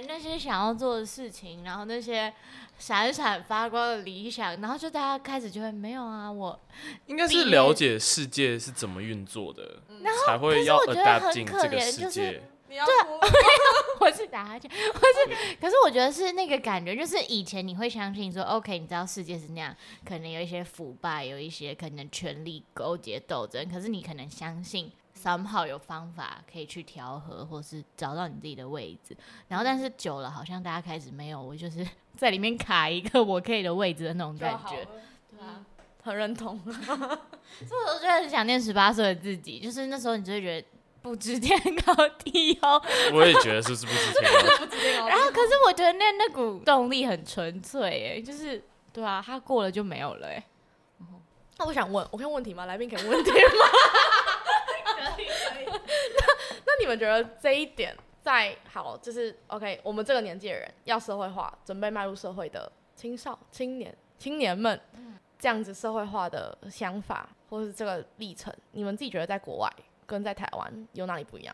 那些想要做的事情，然後那些閃閃發光的理想，然後就大家開始就會沒有啊，我應該是了解世界是怎麼運作的，然、嗯、後才會要二打進這個世界。就是、你要我，對 我是打他我是，可是我覺得是那個感覺，就是以前你會相信說，OK，你知道世界是那樣，可能有一些腐敗，有一些可能權力勾結鬥爭，可是你可能相信。三號有方法可以去調和，或是找到你自己的位置。然後，但是久了，好像大家開始沒有我，就是在裡面卡一個我可以的位置的那種感覺。對啊，很認同。 所以我覺得很想念十八歲的自己，就是那時候你就會覺得不知天高地厚。我也覺得是不是不知天高地厚 然後，可是我覺得那那股動力很純粹哎，就是對啊，他過了就沒有了哎。 那我想問，我看問題嗎？來賓可以問問題嗎？ 那你們覺得這一點在好，就是 OK，我們這個年紀的人要社會化，準備邁入社會的青少青年青年們，這樣子社會化的想法，或是這個歷程，你們自己覺得在國外跟在台灣有哪裡不一樣？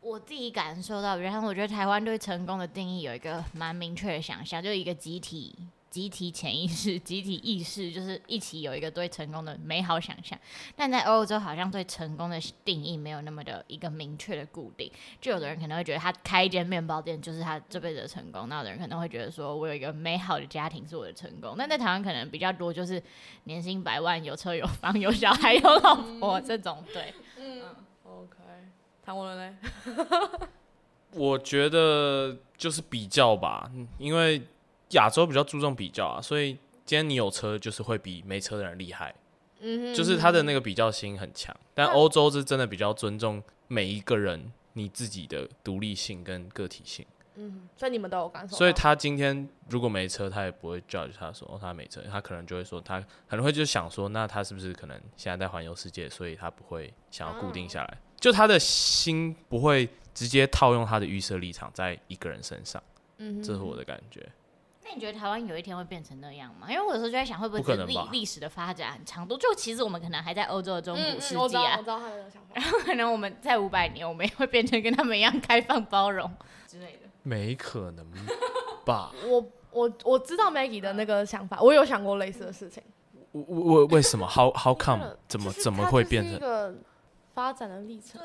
我自己感受到，然後我覺得台灣對成功的定義有一個蠻明確的想象，就一個集體。集體潛意識、集體意識就是一起有一個對成功的美好想象，但在歐洲好像對成功的定義沒有那麼的一個明確的固定，就有的人可能會覺得他開一間麵包店就是他這輩子的成功，那有的人可能會覺得說，我有一個美好的家庭是我的成功，但在台灣可能比較多就是年薪百萬、有車有房、有小孩、有老婆、嗯、這種。對，嗯、啊，OK，唐文嘞，我覺得就是比較吧，因為。亞洲比較注重比較啊，所以今天你有車就是會比沒車的人厲害，嗯，就是他的那個比較心很強。但歐洲是真的比較尊重每一個人，你自己的獨立性跟個體性，嗯，所以你們都有感受。所以他今天如果沒車，他也不會 judge 他說，哦，他沒車，他可能就會說，他可能會就想說，那他是不是可能現在在環遊世界，所以他不會想要固定下來，啊，就他的心不會直接套用他的預設立場在一個人身上，嗯，這是我的感覺。嗯你覺得台灣有一天會變成那樣嗎？因為我有時候就在想，會不會歷歷史的發展很長度，就其實我們可能還在歐洲的中古世紀啊。嗯嗯、 然後可能我們在五百年，我們也會變成跟他們一樣開放、包容之類的。沒可能吧？ 我我我知道 Maggie 的那個想法、嗯，我有想過類似的事情。嗯、我，我為什麼？How how come？為怎麼怎麼會變成一個發展的歷程？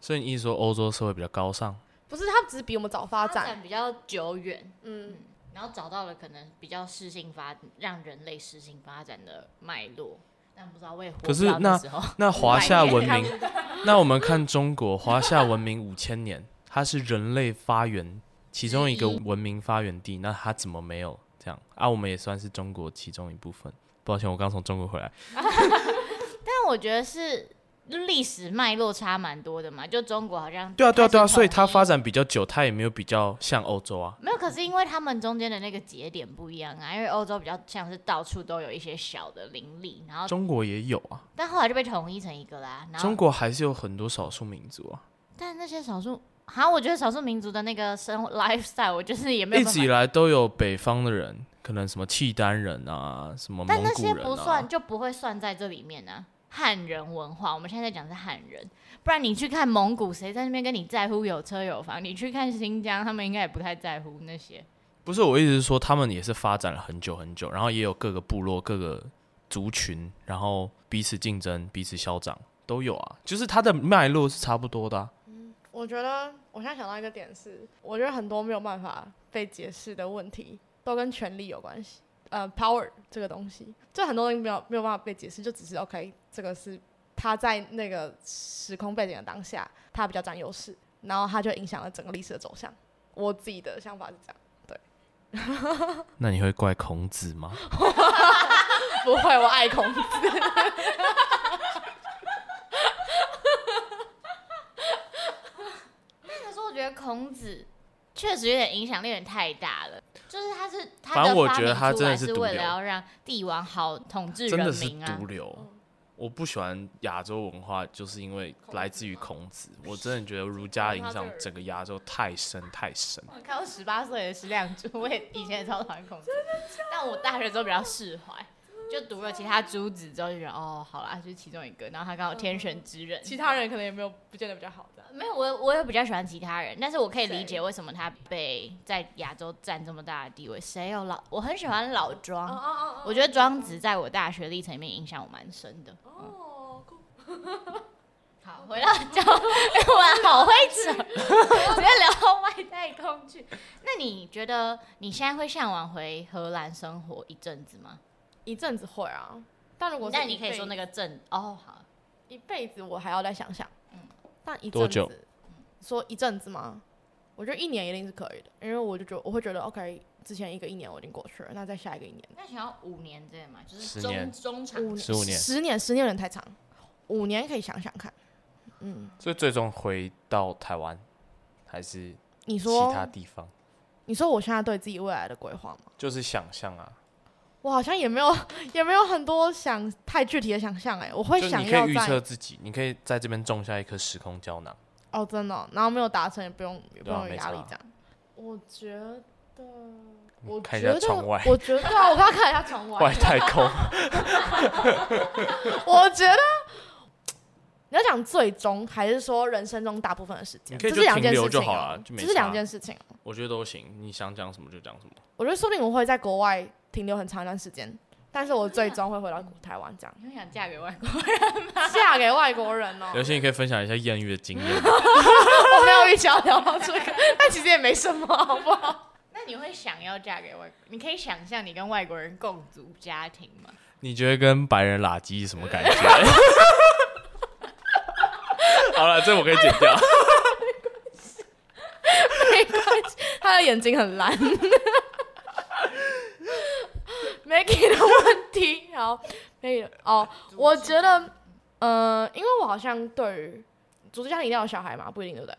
所以你意思說歐洲社會比較高尚？不是，他們只是比我們早發展，比較久遠。嗯。嗯然後找到了可能比較適性發讓人類適性發展的脈絡，但不知道為何，可是那 那華夏文明， 那我們看中國華夏文明五千年，它是人類發源其中一個文明發源地，嗯嗯、那它怎麼沒有這樣啊？我們也算是中國其中一部分，抱歉，我剛從中國回來。 但我覺得是。歷史脈絡差蠻多的嘛，就中國好像對啊對啊對啊，所以它發展比較久，它也沒有比較像歐洲啊。沒有，可是因為他們中間的那個節點不一樣啊，因為歐洲比較像是到處都有一些小的林立，然後中國也有啊，但後來就被統一成一個啦，然後中國還是有很多少數民族啊，但那些少數，好像我覺得少數民族的那個生活 lifestyle 我就是也沒有一直以來都有北方的人，可能什麼契丹人啊，什麼蒙古人啊，但那些不算就不會算在這裡面啊。漢人文化，我們現在在講是漢人，不然你去看蒙古，誰在那邊跟你在乎有車有房？你去看新疆，他們應該也不太在乎那些。不是，我意思是說，他們也是發展了很久很久，然後也有各個部落、各個族群，然後彼此競爭、彼此消長，都有啊。就是它的脈絡是差不多的啊。嗯，我覺得我現在想到一個點是，我覺得很多沒有辦法被解釋的問題，都跟權力有關係。呃，power 這個東西，就很多人沒有沒有辦法被解釋，就只是 OK，這個是他在那個時空背景的當下，他比較佔優勢，然後他就影響了整個歷史的走向。我自己的想法是這樣，對。那你會怪孔子嗎？不會，我愛孔子。那可是我覺得孔子確實有點影響力，有點太大了。就是他是，反正我覺得他真的是毒瘤，為了要讓帝王好統治人民啊真、嗯。真的是毒瘤，嗯、我不喜歡亞洲文化，就是因為來自於孔子，孔子，我真的覺得儒家影響整個亞洲太深太深了他。看到十八歲的時亮珠，我也以前也超討厭孔子 的的，但我大學之後比較釋懷，就讀了其他諸子之後就覺得哦，好啦，就是其中一個。然後他剛好天選之人、嗯，其他人可能也沒有，不見得比較好。沒有，我我也比較喜歡其他人，但是我可以理解為什麼他被在亞洲占這麼大的地位。誰有老？我很喜歡老莊，oh, oh, oh, oh, oh, oh, oh. 我覺得莊子在我大學歷程裡面影響我蠻深的。哦，oh, cool. 嗯， 好，回到講，哎 我好會扯， 不要聊到外太空去。 那你覺得你現在會嚮往回荷蘭生活一陣子嗎？一陣子會啊，但如果是你可以說那個陣，哦，好，一輩子我還要再想想。但一陣子多久，說一陣子嗎？我覺得一年一定是可以的，因為我就覺得我會覺得，OK，之前一個一年我已經過去了，那再下一個一年。那想要五年這樣嘛？就是中中長十，十年，十年十年有點太長，五年可以想想看。嗯，所以最終回到台灣，還是你說其他地方你？你說我現在對自己未來的規劃嗎？就是想象啊。我好像也沒有，也沒有很多想太具體的想象哎、欸。我會想要，要預測自己。你可以在這邊種下一顆時空膠囊哦，真的、哦。然後沒有達成也不用，啊、也不用有壓力這樣。我覺得，我覺得，我覺得啊，我剛剛看一下窗外。外太空。 我覺得你要講最終，還是說人生中大部分的時間、啊啊，這是兩件事情，這是兩件事情。我覺得都行，你想講什麼就講什麼。我覺得說不定我會在國外停留很長一段時間，但是我最終會回到台灣，這樣。你、嗯嗯嗯嗯嗯嗯、想嫁給外國人嗎？嫁 給外國人哦。劉欣，你可以分享一下豔遇的經驗。我沒有比較聊不一、這個，但其實也沒什麼，好不好？嗯、 那你會想要嫁給外國？你可以想象你跟外國人共組家庭嗎？你覺得跟白人垃圾是什麼感覺？ 好了，這我可以剪掉。啊啊啊啊、沒關係，他的眼睛很藍。 的問題，好，可以哦。我覺得，嗯、呃，因為我好像對組織家庭一定要有小孩嘛，不一定對不對？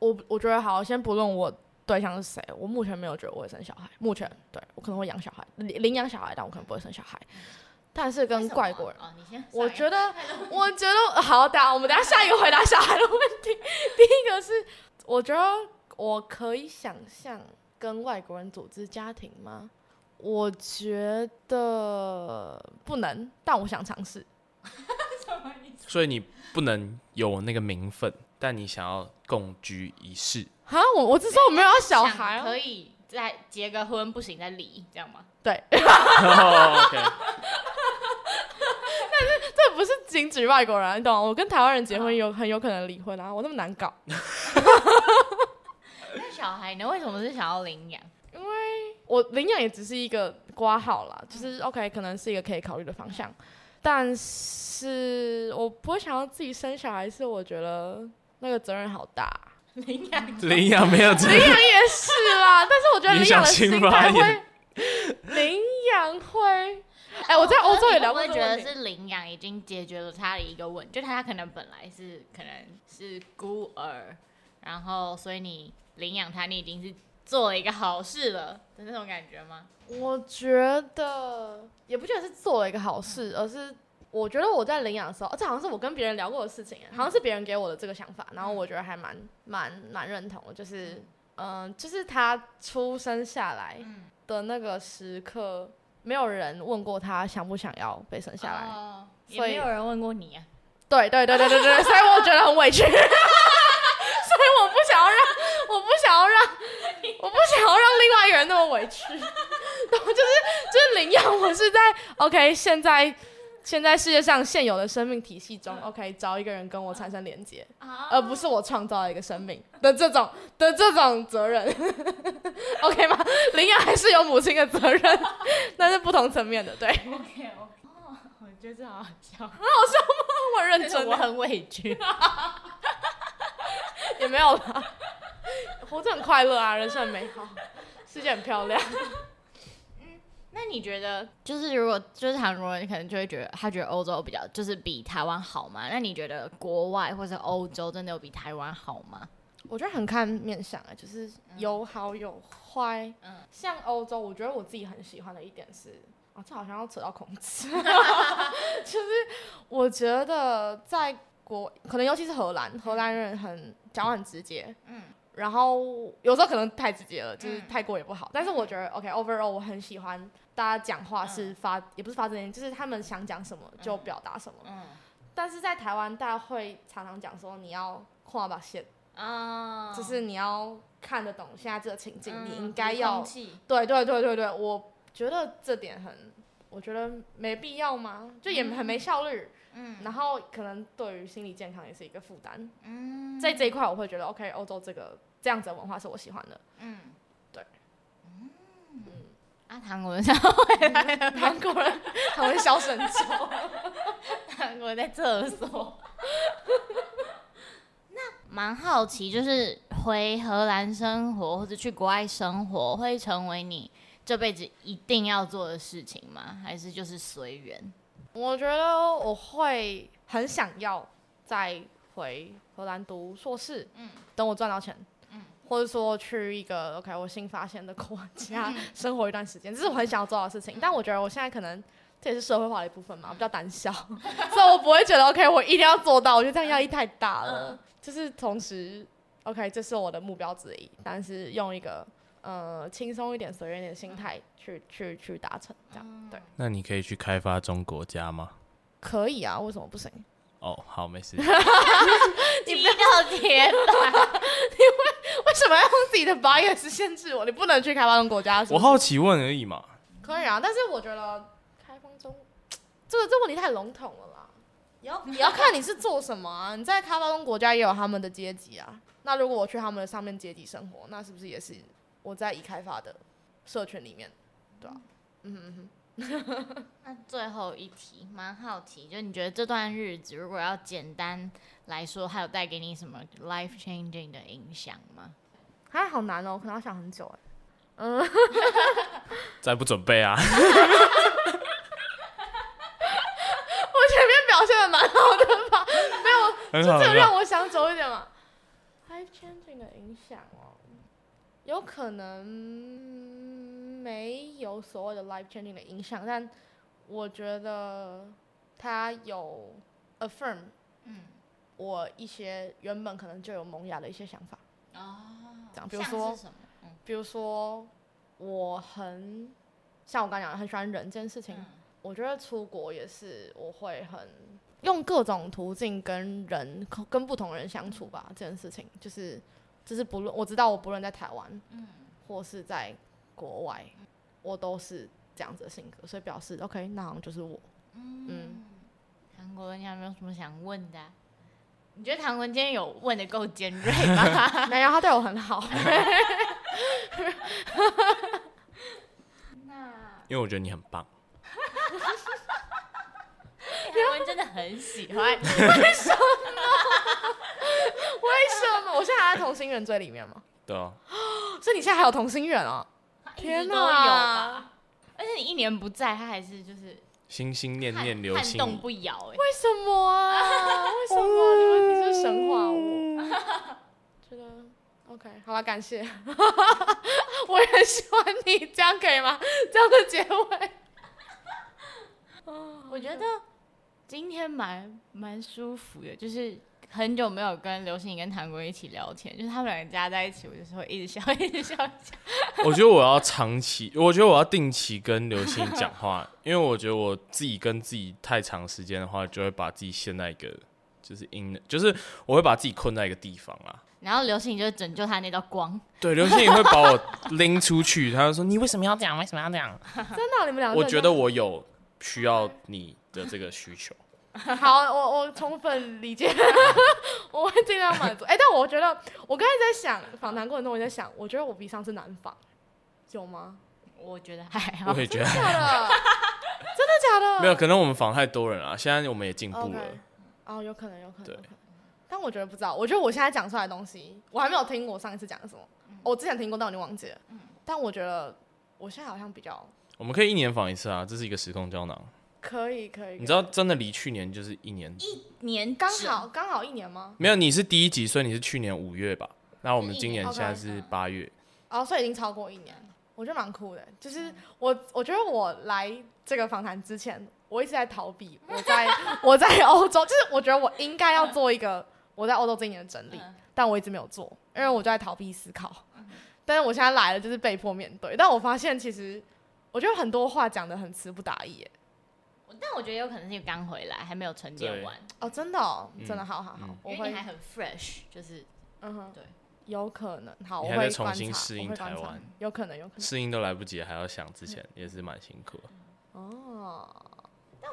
我我覺得好，先不論我對象是誰，我目前沒有覺得我會生小孩。目前對我可能會養小孩，領養小孩，但我可能不會生小孩。嗯、但是跟外國人、啊，我覺得，我覺得好，等下我們等一下下一個回答小孩的問題。第一個是，我覺得我可以想象跟外國人組織家庭嗎？我覺得不能，但我想嘗試。 什麼意思？所以你不能有那個名分，但你想要共居一室？哈，我我只是說我沒有要小孩，欸欸，可以再結個婚，不行再離，這樣嗎？對。 oh, okay . 但是這不是禁止外國人啊，你懂啊？我跟台灣人結婚有很有可能離婚啊，我那麼難搞。那 小孩呢？為什麼是想要領養？我領養也只是一個掛號啦，就是 OK，可能是一個可以考慮的方向，但是我不會想要自己生小孩，是我覺得那個責任好大。領養領養沒有責任。領養也是啦， 但是我覺得領養的心態會，領養會。哎、哦，欸，我在歐洲也聊過，哦、會不會覺得是領養已經解決了他的一個問題，就他可能本來是可能是孤兒，然後所以你領養他，你已經是。做了一個好事了的那種感覺嗎？我覺得也不覺得是做了一個好事、嗯，而是我覺得我在領養的時候，啊、這好像是我跟別人聊過的事情、嗯，好像是別人給我的這個想法，嗯、然後我覺得還蠻蠻蠻，蠻認同的，就是嗯、呃，就是他出生下來的那個時刻，沒有人問過他想不想要被生下來，嗯、也沒有人問過你、啊，對對對對對對，對，對， 所以我覺得很委屈， 所以我不想要讓，我不想要讓。 我不想要讓另外一個人那麼委屈、 就是，就是就是領養，我是在 OK，現在現在世界上現有的生命體系中，OK 找一個人跟我產生連接、啊，而不是我創造了一個生命的這種的這種責任 ，OK 嗎？領 養還是有母親的責任，那 是不同層面的，對。OK OK，、oh, 我覺得這好好笑，好笑嗎？ 我認真，我很委屈。 也沒有啦，活着很快樂啊，人生很美好，世界很漂亮。 嗯，那你覺得，就是如果就是韓國人可能就會覺得，他覺得歐洲比較就是比台灣好嗎？那你覺得國外或者歐洲真的有比台灣好嗎？我覺得很看面相啊、欸，就是有好有壞。嗯，像歐洲，我覺得我自己很喜歡的一點是，哦、啊，這好像要扯到孔子。就 是我覺得在，國可能尤其是荷蘭，荷蘭人很講話很直接，嗯，然後有時候可能太直接了，就是太過也不好。嗯、但是我覺得、嗯、OK overall 我很喜歡大家講話是發、嗯、也不是發聲音，就是他們想講什麼就表達什麼。嗯嗯、但是在台灣大家會常常講說你要跨把線啊，就是你要看得懂現在這個情境、嗯，你應該要對對對對對，我覺得這點很，我覺得沒必要嘛？嗯、就也很沒效率。嗯，然後可能對於心理健康也是一個負擔。嗯，在這一塊我會覺得，OK，歐洲這個這樣子的文化是我喜歡的。嗯，對。嗯，嗯啊，韓國人會，韓、嗯、國人，韓 國小神偷，韓 國人在廁所。 那蠻好奇，就是回荷蘭生活或者去國外生活，會成為你這輩子一定要做的事情嗎？還是就是隨緣？我覺得我會很想要再回荷蘭讀碩士，等我賺到錢，或者說去一個 OK 我新發現的國家生活一段時間，這是我很想要做到的事情。但我覺得我現在可能這也是社會化的一部分嘛，我比較膽小， 所以我不會覺得 OK 我一定要做到，我覺得這樣壓力太大了。嗯嗯、就是同時 OK 這是我的目標之一，但是用一個。呃、嗯，輕鬆一點，隨便一點心態去去去達成這樣，對。那你可以去開發中國家嗎？可以啊，為什麼不行？哦、oh,，好，沒事。 你不要好甜 你為不要 為什麼要用自己的 bias 限制我？你不能去開發中國家是不是？我好奇問而已嘛。可以啊，但是我覺得開發中這個這問題太籠統了啦。你要你要看你是做什麼啊？ 你在開發中國家也有他們的階級啊。那如果我去他們的上面階級生活，那是不是也是？我在已開發的社群裡面，對吧、啊？嗯， 那最後一題蠻好奇，就你覺得這段日子如果要簡單來說，還有帶給你什麼 life changing 的影響嗎？還好難哦、喔，我可能要想很久哎、欸。嗯 ，再不準備啊！ 我前面表現的蠻好的吧？沒有， 就只讓我想久一點嘛。 life changing 的影響。有可能沒有所謂的 life changing 的影響，但我覺得他有 affirm，嗯，我一些原本可能就有萌芽的一些想法哦，這樣，比如說，嗯、比如說我很像我剛才講的很喜歡人這件事情、嗯，我覺得出國也是我會很用各種途徑跟人跟不同人相處吧，嗯、這件事情就是。就是不論我知道，我不論在台灣，嗯，或是在國外，我都是這樣子的性格，所以表示、嗯、OK，那好像就是我，嗯。韓國人，你還有沒有什麼想問的、啊？你覺得唐文今天有問得夠尖銳嗎？沒 有、哎，他對我很好。 因為我覺得你很棒。唐 文真的很喜歡， 為什麼？ 我現在還在同心圓最裡面嗎？對啊，哦哦，所以你現在還有同心圓啊？有！天哪，啊，而且你一年不在，他還是就是心心念念流星，流心動不搖。哎，為什麼啊？ 為什麼？ 你們你是，是神化我？覺 得 OK，好吧，感謝。 我也喜歡你這樣可以嗎？這樣的結尾。 我覺得今天蠻蠻舒服的，就是。很久沒有跟劉欣怡跟湯國倫一起聊天，就是他們兩個加在一起，我就是會一直笑，一直笑，一直笑。我覺得我要長期，我覺得我要定期跟劉欣怡講話， 因為我覺得我自己跟自己太長時間的話，就會把自己陷在一個就是 in，就是我會把自己困在一個地方啊。然後劉欣怡就是拯救他那道光。對，劉欣怡會把我拎出去， 他就說：“你為什麼要這樣？ 為什麼要這樣？”真的，你們兩個？我覺得我有需要你的這個需求。 好，我我充分理解， 我會盡量滿足。哎、欸，但我覺得我剛才在想訪談過程中，我在想，我覺得我比上次難訪，有嗎？我覺得還好，真的假的？真的假的？ 真的假的 沒有，可能我們訪太多人了。現在我們也進步了。哦、okay. oh,，有可能，有可能。對。Okay. 但我覺得不知道，我覺得我現在講出來的東西，我還沒有聽我上一次講的什麼。我、oh, 之前聽過，但我已經忘記了。 但我覺得我現在好像比較……我們可以一年訪一次啊，這是一個時空膠囊。可以可以，可以，你知道真的離去年就是一年，一年剛好剛好一年嗎、嗯？沒有，你是第一集，所以你是去年五月吧？那我們今年現在是八月 okay,、嗯，哦，所以已經超過一年，我覺得蠻酷的。就是我我覺得我來這個訪談之前，我一直在逃避，嗯、我在我在歐洲， 就是我覺得我應該要做一個我在歐洲這一年的整理、嗯，但我一直沒有做，因為我就在逃避思考。嗯、但是我現在來了，就是被迫面對。但我發現其實我覺得很多話講得很詞不達意。但我覺得有可能是因為剛回來，還沒有沉澱完哦，真的、哦嗯，真的，好好好，嗯、我會還很 fresh，就是，嗯哼，對，有可能，好，你還在重新適應台灣，有可能，有可能適應都來不及，還要想之前，嗯、也是蠻辛苦、嗯、哦。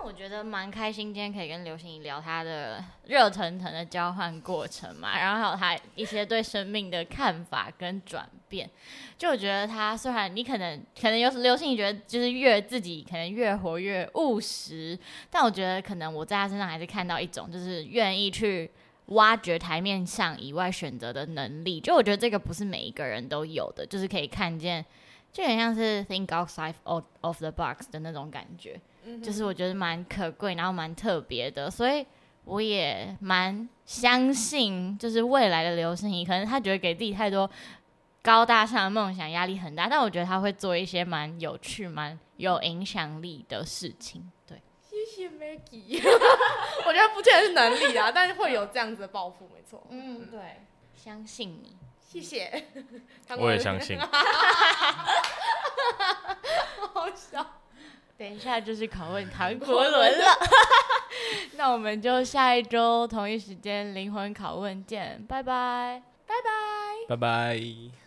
我覺得蠻開心，今天可以跟劉欣怡聊他的熱騰騰的交換過程嘛，然後還有他一些對生命的看法跟轉變。就我覺得他雖然你可能可能有時候，劉欣怡覺得就是越自己可能越活越務實，但我覺得可能我在他身上還是看到一種就是願意去挖掘，台面上以外選擇的能力。就我覺得這個不是每一個人都有的，就是可以看見，就很像是 think outside of of the box 的那種感覺。嗯、就是我覺得蠻可貴，然後蠻特別的，所以我也蠻相信，就是未來的劉欣怡，可能他覺得給自己太多高大上的夢想，壓力很大，但我覺得他會做一些蠻有趣、蠻有影響力的事情。對，謝謝 Maggie， 我覺得不見得是能力啊， 但是會有這樣子的抱負，沒錯。嗯，對，相信你，謝謝， 我也相信。 好笑。等一下就是拷問唐國倫了 ， 那我們就下一周同一時間靈魂拷問見，拜拜，拜拜，拜拜。